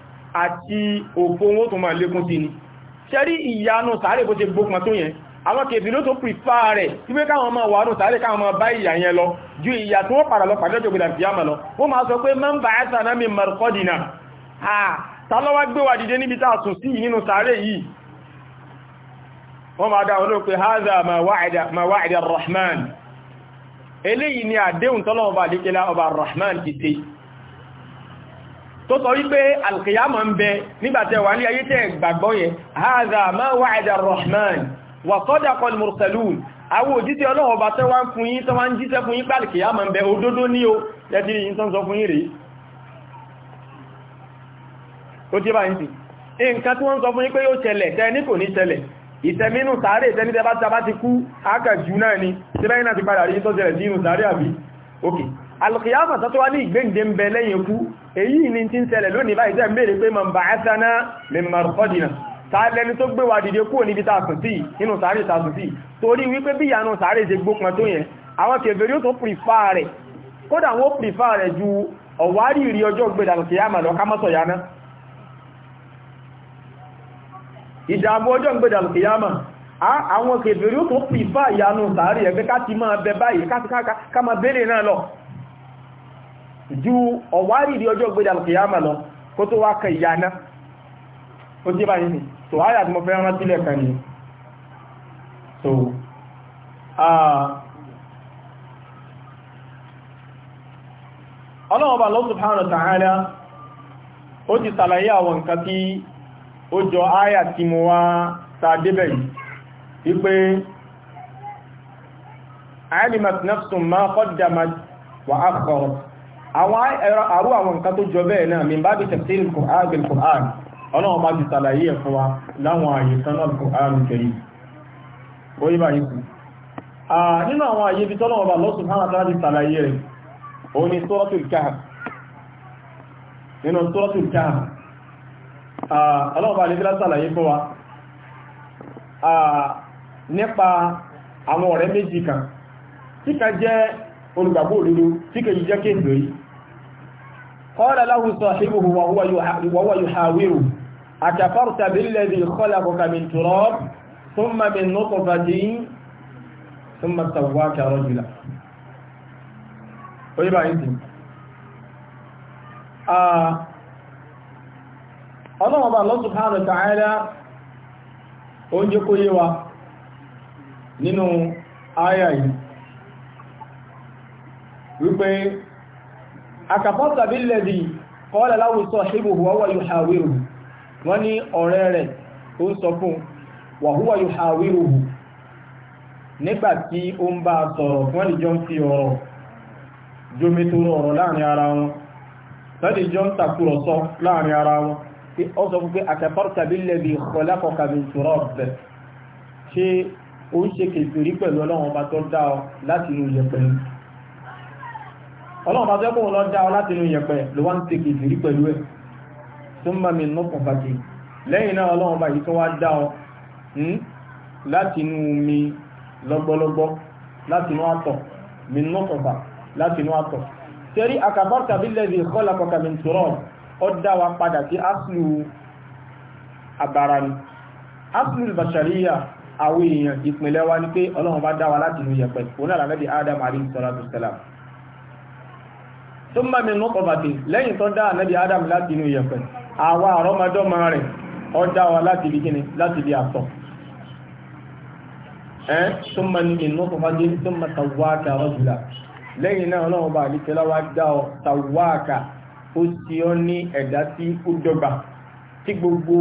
Speaker 1: àti òfò wọn tó máa lékún sí ni ṣẹ́rí ìyanu sàárè bó ṣe gbókun tó yẹn àwọn kèfì ló tó pìfà rẹ̀ tí pé káwọn máa wàánù sàárè káwọn máa bá ìyà yẹn lọ ju ìyà tó wọ́n padà lọ pàdéjọ́ gbèdà fìyàmà lọ wọ́n máa sọ pé máa ń bá ẹ́sà náà mi mọ̀rọ̀kọ́dìnà tálọ́wà gbé wà dìde níbi tàà sùn sí tó sọ wípé alkiyama ń bẹ nígbàtẹ̀ wà ní ayé tẹ́ gbàgbọ́ haza ma wa'ada rahman wa sadaqa al-mursalun àwọn òjíṣẹ́ Ọlọ́hun tẹ́ wá ń fún yín tẹ́ wá ń jíṣẹ́ fún pé alkiyama ń bẹ òdodo ní o lẹ́tí yín tán sọ fún yín rèé ó jẹ́ bá ń nǹkan tí wọ́n sọ fún pé yóò ṣẹlẹ̀ tẹ́ alkiyama tó wá ní ìgbéǹde ń bẹ lẹ́yìn kú èyí ni tí ń ṣẹlẹ̀ lónìí báyìí tẹ́ mẹ́rin pé man ba'athana min marqadina tààlẹ́ni tó gbé wa dìde kúrò níbi tààsùn sí inú sàárè tààsùn sí torí wípé bí ìyanu sàárè ṣe gbópọn tó yẹn àwọn kèfèrí ó tó pìrìfà rẹ̀ kódà wọ́n pìrìfà rẹ̀ ju ọ̀wárí rí ọjọ́ lo lọ ká mọ́sọ̀ yánà ìdààmú ọjọ́ gbẹ̀dàlùkìyàmà àwọn kèfèrí ó tó pìrìfà ìyanu sàárè ẹgbẹ́ ká ti máa bẹ báyìí ká máa bẹ́rẹ̀ náà lọ ju ọ̀wárí dị ọjọ́ gbé dàlùkìyàmà lọ kó tó wá kẹ ìyáná ó jẹ́ báyìí ni so àyà tí mo fẹ́ rántí ni so ọlọ́ọ̀bà Allah subhanahu wa ó ti sàlàyé àwọn nǹkan tí ó jọ àyà tí mo wá sàdébẹ̀ yìí alimat nafsun ma wa akọrọ. àwọn àrú àwọn nǹkan tó jọ bẹ́ẹ̀ náà min babi tafsir al-Qur'an bil-Qur'an ọlọ́run bá ti fọwa ẹ̀ fún wa láwọn náà al-Qur'an al-Karim ó yí báyìí kù nínú àwọn àyè bí tọ́lọ́run bá Allah subhanahu wa ta'ala ti rẹ̀ ó ní suratul Kahf ha suratul tí jẹ́ قال له صاحبه وهو يحاوره أكفرت بالذي خلقك من تراب ثم من نطفة ثم سواك رجلا ويبقى انت ọlọ́wọ́ bá Allah سبحانه wa ta'ala oúnjẹ kó yé wa àkàfọ́ta bí lẹ́bí kọ́ọ̀lẹ̀ láwùsọ ṣíbùhù wọ́wọ́ yóò hàwírù wọ́n ní ọ̀rẹ́ rẹ̀ ó ń sọ fún wàhúwà yóò hàwírù nígbà tí ó ń bá sọ̀rọ̀ wọ́n ní jọ ń fi ọ̀rọ̀ jómi tó rọrọ̀ láàrin ara wọn lọ́dí tí ó sọ fún pé àkàfọ́ta bí lẹ́bí kọ́lákọ̀ọ́kà bí sọ̀rọ̀ ọ̀bẹ̀ ṣe ó ń ṣe kèfèrí pẹ̀lú ọlọ́run ọba tó dá láti inú yẹpẹ̀lú ọlọ́run bá tẹ́kùn lọ dá ọ láti inú yẹ̀pẹ̀ ló wá ń tèkì ìfìrí pẹ̀lú ẹ̀ tó ń bá mi nọ́ pàtàkì lẹ́yìn náà ọlọ́run bá yìí tó wá dá ọ hmm, láti inú mi lọ́gbọ́lọ́gbọ́ láti inú àtọ̀ mi nọ́ pàtà láti inú àtọ̀ tẹ́rí àkàbọ́ta bí lẹ́dí kọ́lá kọ́kà mi tòrọ̀ ọ dá wa padà sí aslu àbára ni aslu bàṣàríyà àwọn èèyàn ìpínlẹ̀ wa ni pé ọlọ́run bá dá wa láti inú yẹ̀pẹ̀ òun náà làbẹ́bí Adam alayhi salatu salam thumma min nutfatin lẹ́yìn tó dá ànábì adam láti inú yẹ̀pẹ̀ àwa àrọ́mọdọ́mọ rẹ̀ ó dá wa láti ibi kíni láti ibi àtọ̀ ẹ́ thumma min nutfatin thumma sawwaka rajula lẹ́yìn náà ọlọ́run bá àdíkẹ́lá wá dá ọ sawwaka ó ti ọ́ ní ẹ̀dá tí ó dọ́gba tí gbogbo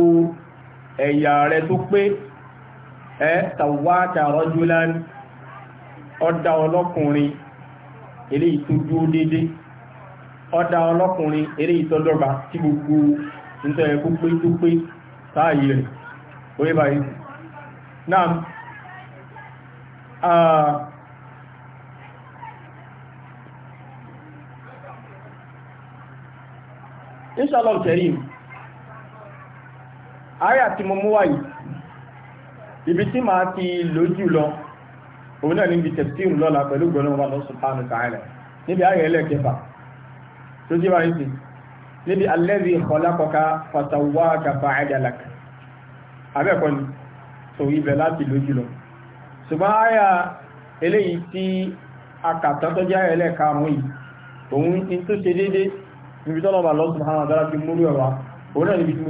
Speaker 1: ẹ̀yà rẹ̀ tó pé ẹ́ sawwaka rajulan ó dá eléyìí tó dúró déédéé ọdá ọlọ́kùnrin eré ìtọ́dọ́gba tí gbogbo nítorí ẹ̀kú pé tó pé sáàyè rẹ̀ orí báyìí náà inshallah karim àyà tí mo mú ibi tí ti lójú lọ òun náà níbi tafsir lọ́la pẹ̀lú gbọ́nà wa subhanahu wa ta'ala níbi ẹlẹ́kẹfà tó jẹ́ wáyé sí níbi alladhi khalaqaka fatawwaka fa'adalak abẹ́ẹ̀kọ́ ni so ibẹ̀ láti lójú lọ ṣùgbọ́n àyà eléyìí tí akàtọ́ tó jẹ́ ẹlẹ́ karùn-ún yìí òun in tó ṣe déédé níbi tọ́lọ́bà Allah subhanahu wa ta'ala ti múrú ẹ̀wà òun náà níbi tí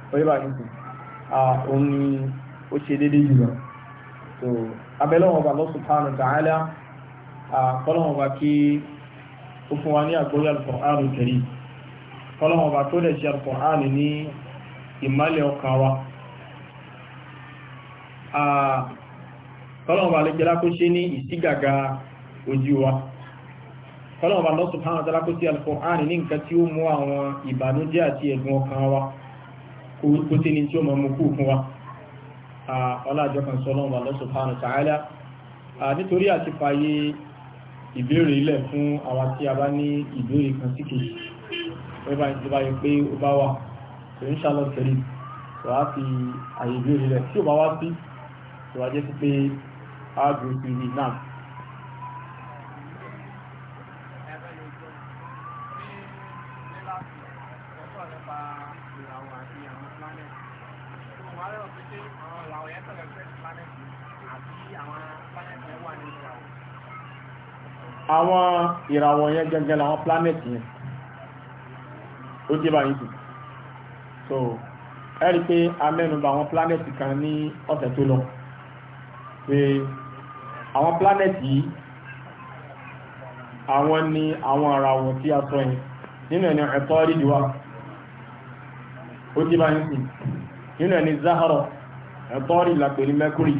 Speaker 1: mo ti mú òun ni ó ṣe déédé jùlọ so abẹ́lọ́wọ̀n ọba Allah subhanahu wa ta'ala kọ́lọ́wọ̀n ọba kí ó fún wa ní àgbóyà al-Qur'anul Karim kọ́lọ́wọ̀n ọba tó dẹ̀ ṣe al-Qur'an ní ìmálẹ̀ ọkàn wa kọ́lọ́wọ̀n ọba lè jẹ́lá kó ṣe ní ìsígàgà ojú wa kọ́lọ́wọ̀n ọba Allah subhanahu wa kó ṣe al ní nǹkan tí ó mú àwọn ìbànújẹ́ àti ẹ̀gùn ọkàn wa kó sí ni tí ó mọ̀ kú fún wa ọlájọ́ kan sọ lọ́wọ́ Allah subhanahu wa ta'ala nítorí àti fàyè ìbéèrè ilẹ̀ fún àwa tí a bá ní ìbéèrè kan sí kejì wọ́n bá ti báyìí pé ó bá wà tó ń ṣàlọ́ tẹ̀lé tó á fi àyè ìbéèrè ilẹ̀ tí ó bá wá sí tó wá jẹ́ sí pé á gbé sí ìràwọ̀ yẹn gẹ́gẹ́ làwọn planet yẹn ó dé báyìí tù so ẹ rí i pé a mẹ́nubà àwọn planet kan ní ọ̀sẹ̀ tó lọ pé àwọn planet yìí àwọn ni àwọn ìràwọ̀ tí a sọ yẹn nínú ẹni ẹ̀tọ́ rídìí wa ó dé báyìí tù nínú ẹni zahara ẹ̀tọ́ rí la pè ní mercury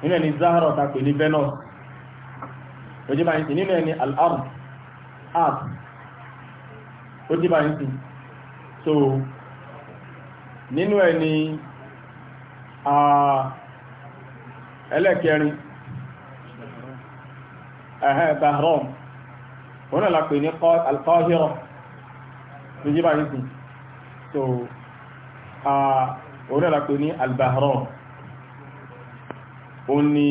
Speaker 1: nínú ẹni zahara ta pè ní venus ó jẹ́ báyìí sí nínú ẹni al-ard ard ó jẹ́ báyìí sí so nínú ẹni ẹlẹ́kẹrin ẹ̀hẹ́ bahram wọ́n náà lápẹ̀ ní al-Qahira ó jẹ́ báyìí sí so wọ́n náà lápẹ̀ ní al-bahram ó ní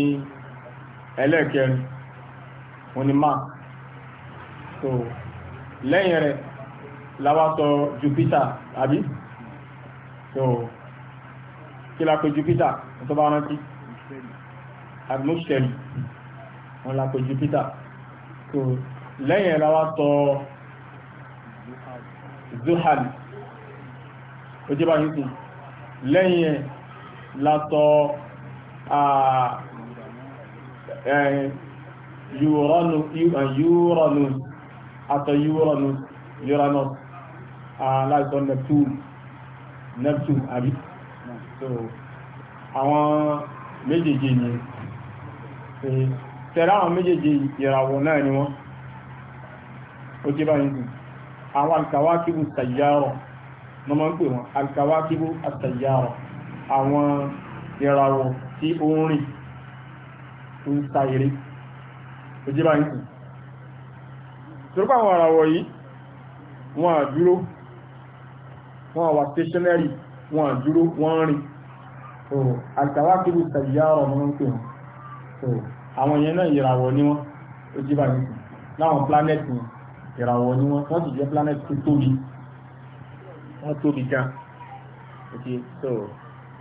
Speaker 1: wọ́n ni mars so lẹ́yìn rẹ̀ láwá sọ jupiter àbí so kí la pè jupiter tó bá rántí atmosphere wọ́n la jupiter so lẹ́yìn rẹ̀ láwá sọ zuhal ó jẹ́ bá yìí sùn lẹ́yìn látọ̀ Uranus Uranus àtọ̀ Uranus Uranus aláìsọ Neptune Neptune àbí so àwọn méjèèjì ni tẹ̀rẹ àwọn méjèèjì ìràwọ̀ náà ni wọ́n ó jẹ́ báyìí dùn àwọn alkawakibu sayyarọ̀ ní ọmọ ń pè wọn alkawakibu sayyarọ̀ àwọn ìràwọ̀ tí ó ń rìn ń sa eré òjé bá ń kù torípa àwọn àràwọ̀ yìí wọ́n à dúró wọ́n àwà stationary wọ́n à dúró wọ́n rìn àtàwà kébù tàbíyà ọ̀rọ̀ mọ́ ń pè wọ́n àwọn èèyàn náà ìràwọ̀ ni wọ́n òjé bá ń láwọn planet yìí ìràwọ̀ ni wọ́n wọ́n sì jẹ́ planet tó tóbi wọ́n tóbi gan òkè so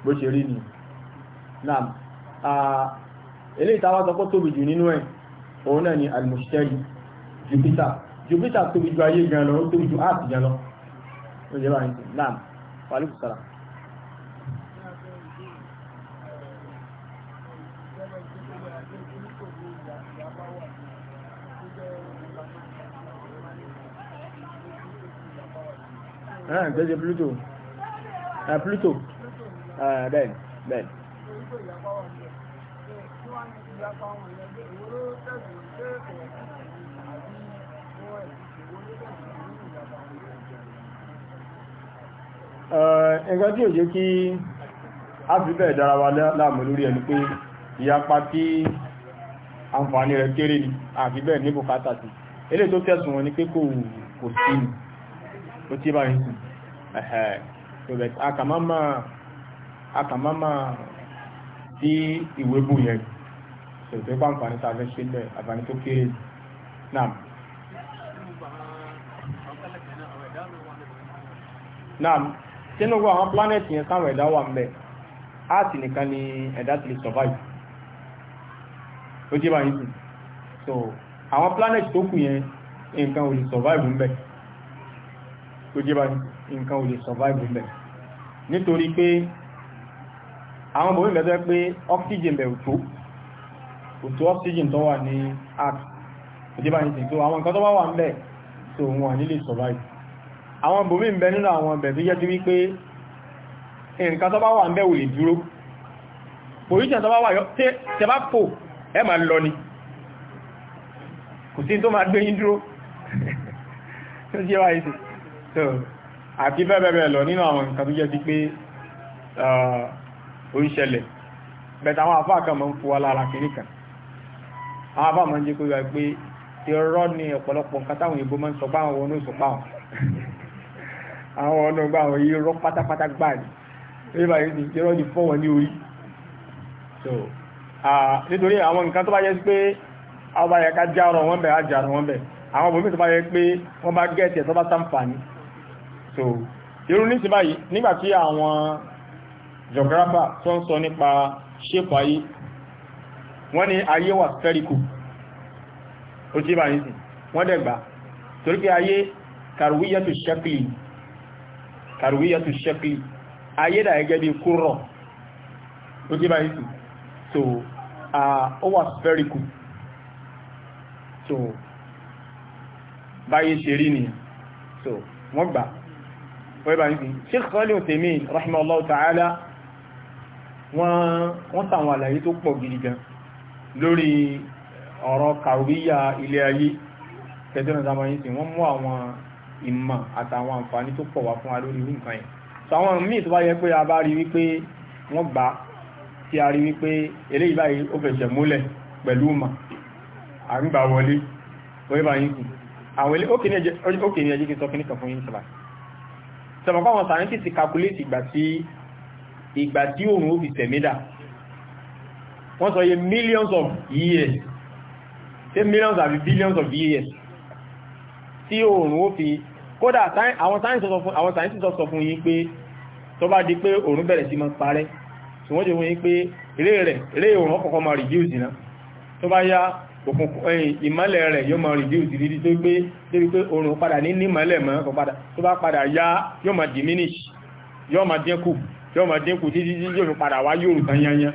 Speaker 1: bó ṣe rí ni náà ah, eléyìí táwọn sọ pé tóbi jù nínú ẹ̀ òun náà ni almushtari jupiter jupiter tóbi ju ayé gan lọ ó tóbi ju earth gan lọ ó yẹ báyìí tó naam wàlúù sara.
Speaker 2: Ah, Pluto. Ah, Pluto.
Speaker 1: Ah, bẹ́ẹ̀ bẹ́ẹ̀ ẹgbẹ́ tí ò jẹ́ kí áfíríkà ìdára wa láàmù lórí ẹni pé ìyapa tí àǹfààní rẹ̀ kéré ní àfíbẹ̀ ní bùkátà sí ilé tó tẹ́sùn wọn ni pé kò kò sí ní ó tí bá ń ẹ̀hẹ̀ àkàmámà àkàmámà ìwébù yẹn tòótọ́ ipá nǹkan níta fẹ́ ṣe bẹ́ẹ̀ àǹfààní tó kéré náà. náà sínú gbogbo àwọn planẹ̀tì yẹn sáwọn ẹ̀dá wà mbẹ̀ áàtì nìkan ni ẹ̀dá ti lè survive ó jẹ́ báyìí sùn so àwọn planẹ̀tì tó kù yẹn nǹkan ò lè survive mbẹ̀ ó jẹ́ báyìí nǹkan ò lè survive mbẹ̀ nítorí pé àwọn bòmí mẹ́tọ́ pé oxygen bẹ̀ tó òtò oxygen tó wà ní earth òdíbà ní ti tó àwọn nǹkan tó bá wà ń bẹ̀ tó wọn nílé survive àwọn bòmí ń bẹ nínú àwọn ọbẹ̀ tó jẹ́ ti wípé nǹkan tó bá wà ń bẹ̀ wò lè dúró position tó bá wà yọ tẹ so àti bẹ́ẹ̀bẹ́ẹ̀ lọ nínú àwọn nǹkan tó jẹ́ ti pé ah, ó ń ṣẹlẹ̀ bẹ̀tàwọn àfáà kan mọ́ ń fúwa lára kìíní kan àwọn bá máa ń jẹ́ kó yọ pé irọ́ ni ọ̀pọ̀lọpọ̀ nǹkan táwọn òyìnbó máa ń sọ pé àwọn ọ̀nà òsùn páwọn àwọn ọ̀nà ọgbà àwọn yìí rọ pátápátá gbà ní eré báyìí ti irọ́ ni fọ́ wọn ní orí so nítorí àwọn nǹkan tó bá yẹ pé àwọn bá yẹ ká já ọ̀rọ̀ wọn bẹ̀ á já ọ̀rọ̀ wọn bẹ̀ àwọn obìnrin tó bá yẹ pé wọ́n bá gẹ̀ẹ́sì ẹ̀ tó bá sàǹfààní so irú ní ti báyìí nígbà tí àwọn geographer tó ń sọ nípa ṣépù ayé wọ́n ní ayé wà spherical ó tí bá yìí sí wọ́n dẹ̀gbà torí pé ayé kàrùwíyàtù ṣẹ́kìlì kàrùwíyàtù ṣẹ́kìlì ayé dà gẹ́gẹ́ bí kúrọ̀ ó tí bá yìí sí so ó wà spherical so báyé ṣe rí nìyàn so wọ́n gbà wọ́n bá yìí sí Sheikh Khalid Uthaymeen rahimahullahu ta'ala wọ́n tàwọn àlàyé tó pọ̀ gidi gan lórí ọ̀rọ̀ kàwíyà ilé ayé tẹ́tẹ́nà sáwọn yìí sí wọ́n mú àwọn ìmọ̀ àtàwọn àǹfààní tó pọ̀ wá fún wa lórí irú nǹkan yẹn so àwọn míì tó bá yẹ pé a bá rí wípé wọ́n gbà tí a rí wípé eléyìí báyìí ó fẹsẹ̀ múlẹ̀ pẹ̀lú ìmọ̀ àrígbà wọlé wọ́n bá yín kù àwọn ilé ókè ní ẹjẹ́ kí n nìkan fún yín sọ̀rọ̀ sọ̀rọ̀ fáwọn sàrẹ́ńtì ti calculate ìgbà tí ìgbà ó fi tẹ̀mídà wọ́n sọ yẹ millions of years ṣe millions àbí billions of years tí oòrùn ó fi kódà àwọn sáyẹ́ǹsì sọ fún yín pé tó bá di pé oòrùn bẹ̀rẹ̀ sí máa parẹ́ tí wọ́n jẹ́ fún yín pé eré rẹ̀ eré oòrùn ọkọ̀ọ̀kọ̀ máa reduce náà tó bá yá eh, ìmọ́lẹ̀ rẹ̀ yóò máa reduce dídí tó gbé débi pé oòrùn padà ní nímọ́lẹ̀ mọ́ ọkọ̀ padà tó bá padà yá yóò máa diminish yóò máa dínkù yóò máa dínkù títí yóò fi padà wá yóò tán yányán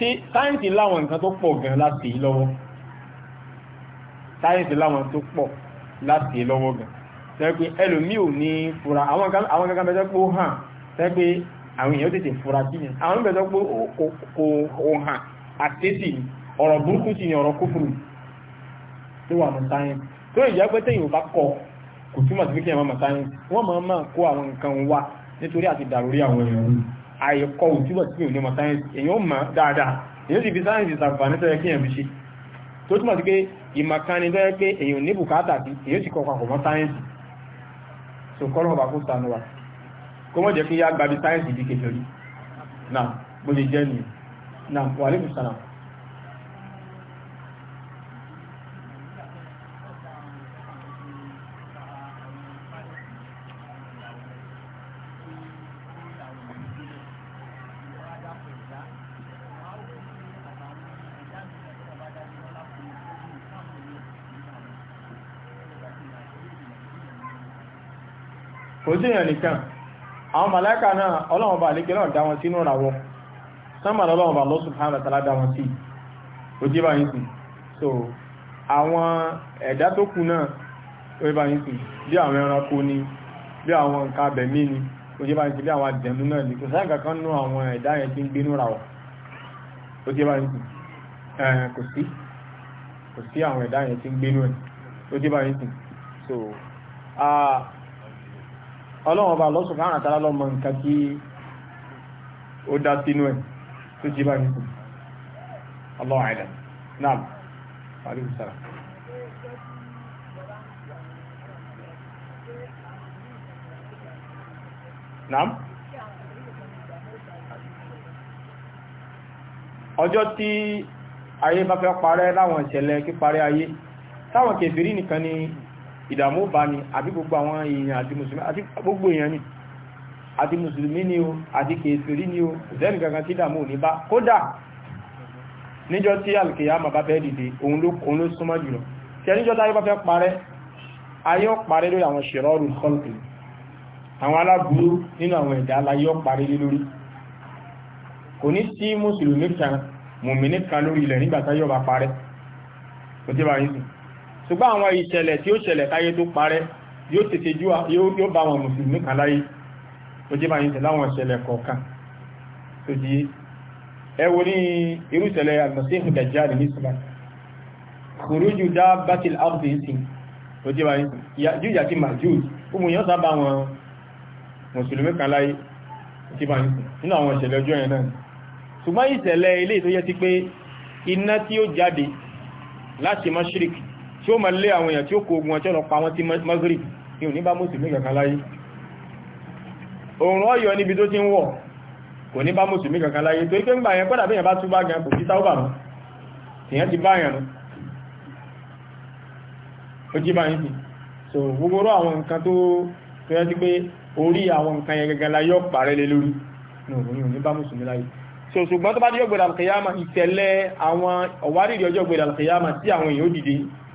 Speaker 1: tí sáyẹ̀nsì láwọn nǹkan tó pọ̀ gan láti yí lọ́wọ́ sáyẹ̀nsì láwọn tó pọ̀ láti yí lọ́wọ́ gan tẹ́gbẹ́ ẹlòmí ò ní fura àwọn kankan bẹ́ẹ̀ pé ó hàn tẹ́gbẹ́ àwọn èèyàn tètè fura sí yẹn àwọn bẹ́ẹ̀ pé kò hàn àtẹ́sì ọ̀rọ̀ burúkú sí ni ọ̀rọ̀ kúfùrù tó wà ní sáyẹ̀nsì tó ìjà pé tẹ́yìn ò bá kọ kò túmọ̀ sí pé kí ẹ̀ máa mọ̀ sáyẹ̀nsì wọ́n máa máa kó àwọn nǹkan wa nítorí àti dàrú àwọn èèyàn àìkọ òtúbọ̀ tí ò ní ọmọ sáyẹ́nsì èyàn ó mọ̀ dáadáa èyàn sì fi sáyẹ́nsì sàǹfààní tó yẹ kí èyàn fi ṣe tó túmọ̀ sí pé ìmọ̀kánni tó yẹ pé èyàn ní bùkátà sí èyàn sì kọ papọ̀ mọ́ sáyẹ́nsì tó kọ́ lọ́wọ́ bá kó sànú wa kó mọ̀ jẹ́ kí yá gbabi sáyẹ́nsì di kékeré náà bó ṣe kò sí èèyàn nìkan àwọn màláìkà náà ọlọ́run bá àlékẹ́ náà dá wọn sínú ìràwọ̀ sánmà lọ́lọ́run bá Allah subhanahu wa ta'ala dá wọn sí ó jẹ́ bá yín sí so àwọn ẹ̀dá tó kù náà ó jẹ́ bá yín sí bí àwọn ẹranko ni bí àwọn nǹkan abẹ̀mí ni ó jẹ́ bá yín sí bí àwọn àjẹ̀mú náà ni kò sáà kankan nú àwọn ẹ̀dá ọlọ́run ọba lọ́sùn fún lọ mọ̀ nǹkan kí ó dá sínú ẹ̀ tó jí bá nìkú ọlọ́run àìdá náà ọjọ́ tí ayé bá fẹ́ parẹ́ láwọn ìṣẹ̀lẹ̀ ayé táwọn kèfèrí ìdààmú bá ní àbí gbogbo àwọn èèyàn àti mùsùlùmí àti gbogbo èèyàn ni àti mùsùlùmí ni o àti kèfèrí ni o ìdẹ́nì kankan tí ìdààmú ní bá kódà níjọ́ tí alkiyama bá fẹ́ dìde òun ló súnmọ́ jùlọ tí ẹníjọ́ táyé bá fẹ́ parẹ́ ayé ó parẹ́ lórí àwọn ṣèrọ́rù kọ́lùkì àwọn aláburú nínú àwọn ẹ̀dá aláyé ó parẹ́ lé lórí kò ní sí ṣùgbọ́n àwọn ìṣẹ̀lẹ̀ tí ó ṣẹlẹ̀ táyé tó parẹ́ yóò tètè jú yóò bá wọn mùsùlùmí kan láyé ó jẹ́ máa ń tẹ̀lé àwọn ìṣẹ̀lẹ̀ kọ̀ọ̀kan tó di ẹ wo ní irú ìṣẹ̀lẹ̀ al-Masih ad-Dajjal ní sùgbà khuruju dabbatil ardi sí ó jẹ́ máa ń tẹ̀lé jújà ti ó jẹ́ máa ń tẹ̀lé nínú àwọn ọjọ́ yẹn náà ṣùgbọ́n ìṣẹ̀lẹ̀ ilé tí ó máa lé àwọn èèyàn tí ó kó ogun ọjọ́ lọ pa wọ́n tí mọ́gírì ní ò ní bá mùsùlùmí kankan láyé òòrùn ọ̀yọ́ níbi tó ti ń wọ̀ kò ní bá mùsùlùmí kankan láyé torí pé ń yẹn kọ́dà bí èèyàn bá túbá gan kò sí sáúbà so gbogbo rọ àwọn nǹkan tó tó yẹ sí pé orí àwọn nǹkan yẹn gẹ́gẹ́ láyé so ṣùgbọ́n tó bá di ọgbẹ̀dà kìyàmà ìtẹ̀lẹ̀ àwọn ọ̀wárìrì ọjọ́ ọgbẹ̀dà kìyàmà tí àwọn èèyàn ó dìde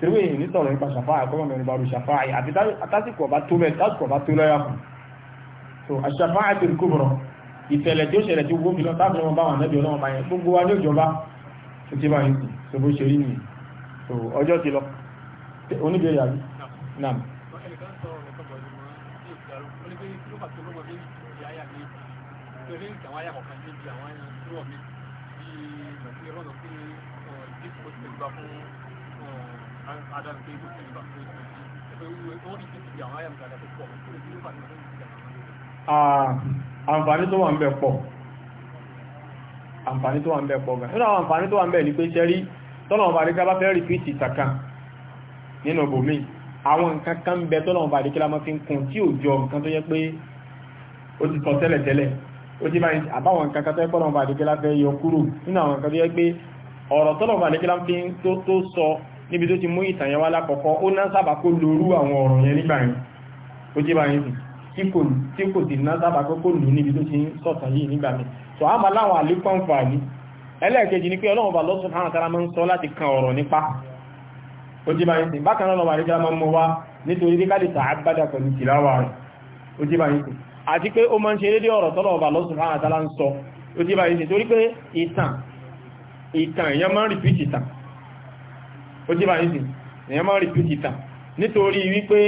Speaker 1: tìrìwé yìí ní sọ̀rọ̀ nípa ṣàfáà kọ́mọ̀ mẹ́rin bá rú ṣàfáà yìí àti tásìkò ọba tó bẹ́ẹ̀ tásìkò ọba tó lọ́yà fún so àṣàfáà ti kú bọ̀rọ̀ ìṣẹ̀lẹ̀ tí ó ṣẹlẹ̀ tí gbogbo ìlọ́ta fún ọmọ báwọn ẹ̀bí ọlọ́mọba yẹn gbogbo wa ní òjọba tó ti báyìí sí so bó ṣe rí nìyí so ọjọ́ ti lọ oníbẹ̀rẹ̀ yàrá nam. Thank you àǹfààní tó wà ń bẹ̀ pọ̀ àǹfààní tó wà ń bẹ̀ pọ̀ gan nínú àwọn àǹfààní tó wà ń bẹ̀ ní pé ṣe rí tọ́lọ̀wọ̀n bá díkà bá fẹ́ rí fíìtì ìtàkà nínú bòmí àwọn nǹkan kan ń bẹ tọ́lọ̀wọ̀n bá díkà máa fi ń kún tí ò jọ nǹkan tó níbi tó ti mú ìtàn yẹn wá lákọ̀ọ́kọ́ ó ná sábà kó lórú àwọn ọ̀rọ̀ yẹn nígbà yẹn ó jẹ́ bá yẹn sì tí kò sì ná sábà kó kó lù níbi tó ti ń sọ̀tàn yìí nígbà mi tó á máa láwọn àlékún àǹfààní ẹlẹ́ẹ̀kejì ni pé ọlọ́run bá lọ́sùn hàn tára máa ń sọ láti kan ọ̀rọ̀ nípa ìtàn ìtàn máa ń rìpíìtì ìtàn ó jí bá ní sí èèyàn máa ń repeat ìtàn nítorí wípé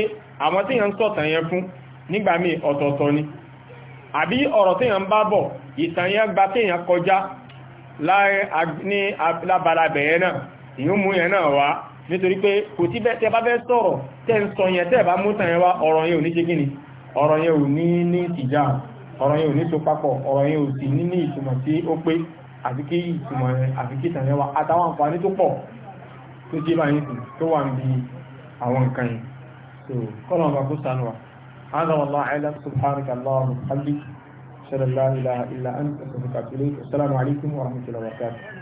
Speaker 1: àwọn tí sọ̀tàn yẹn fún nígbà ọ̀tọ̀ọ̀tọ̀ ni àbí ọ̀rọ̀ tí èèyàn ń bá bọ̀ ìtàn yẹn gba tí èèyàn kọjá ní labalabẹ̀ yẹn náà ìyún mú yẹn náà wá nítorí pé kò tí tẹ bá fẹ́ sọ̀rọ̀ tẹ́ ń sọ yẹn tẹ́ bá mú tàn yẹn wá ọ̀rọ̀ yẹn ò ní ṣe kíni ọ̀rọ̀ yẹn ò àti kí ìtumọ̀ àti kí ìtàn yẹn wá àtàwọn àǹfààní tó pọ̀ tó jẹ́ bá yìí tó wà ní àwọn nǹkan yìí so kọ́nà ọba kó sànù wa hàdà wàllá àìlá subhanaka allah alhamdulilayi ṣẹlẹ̀ la ilaha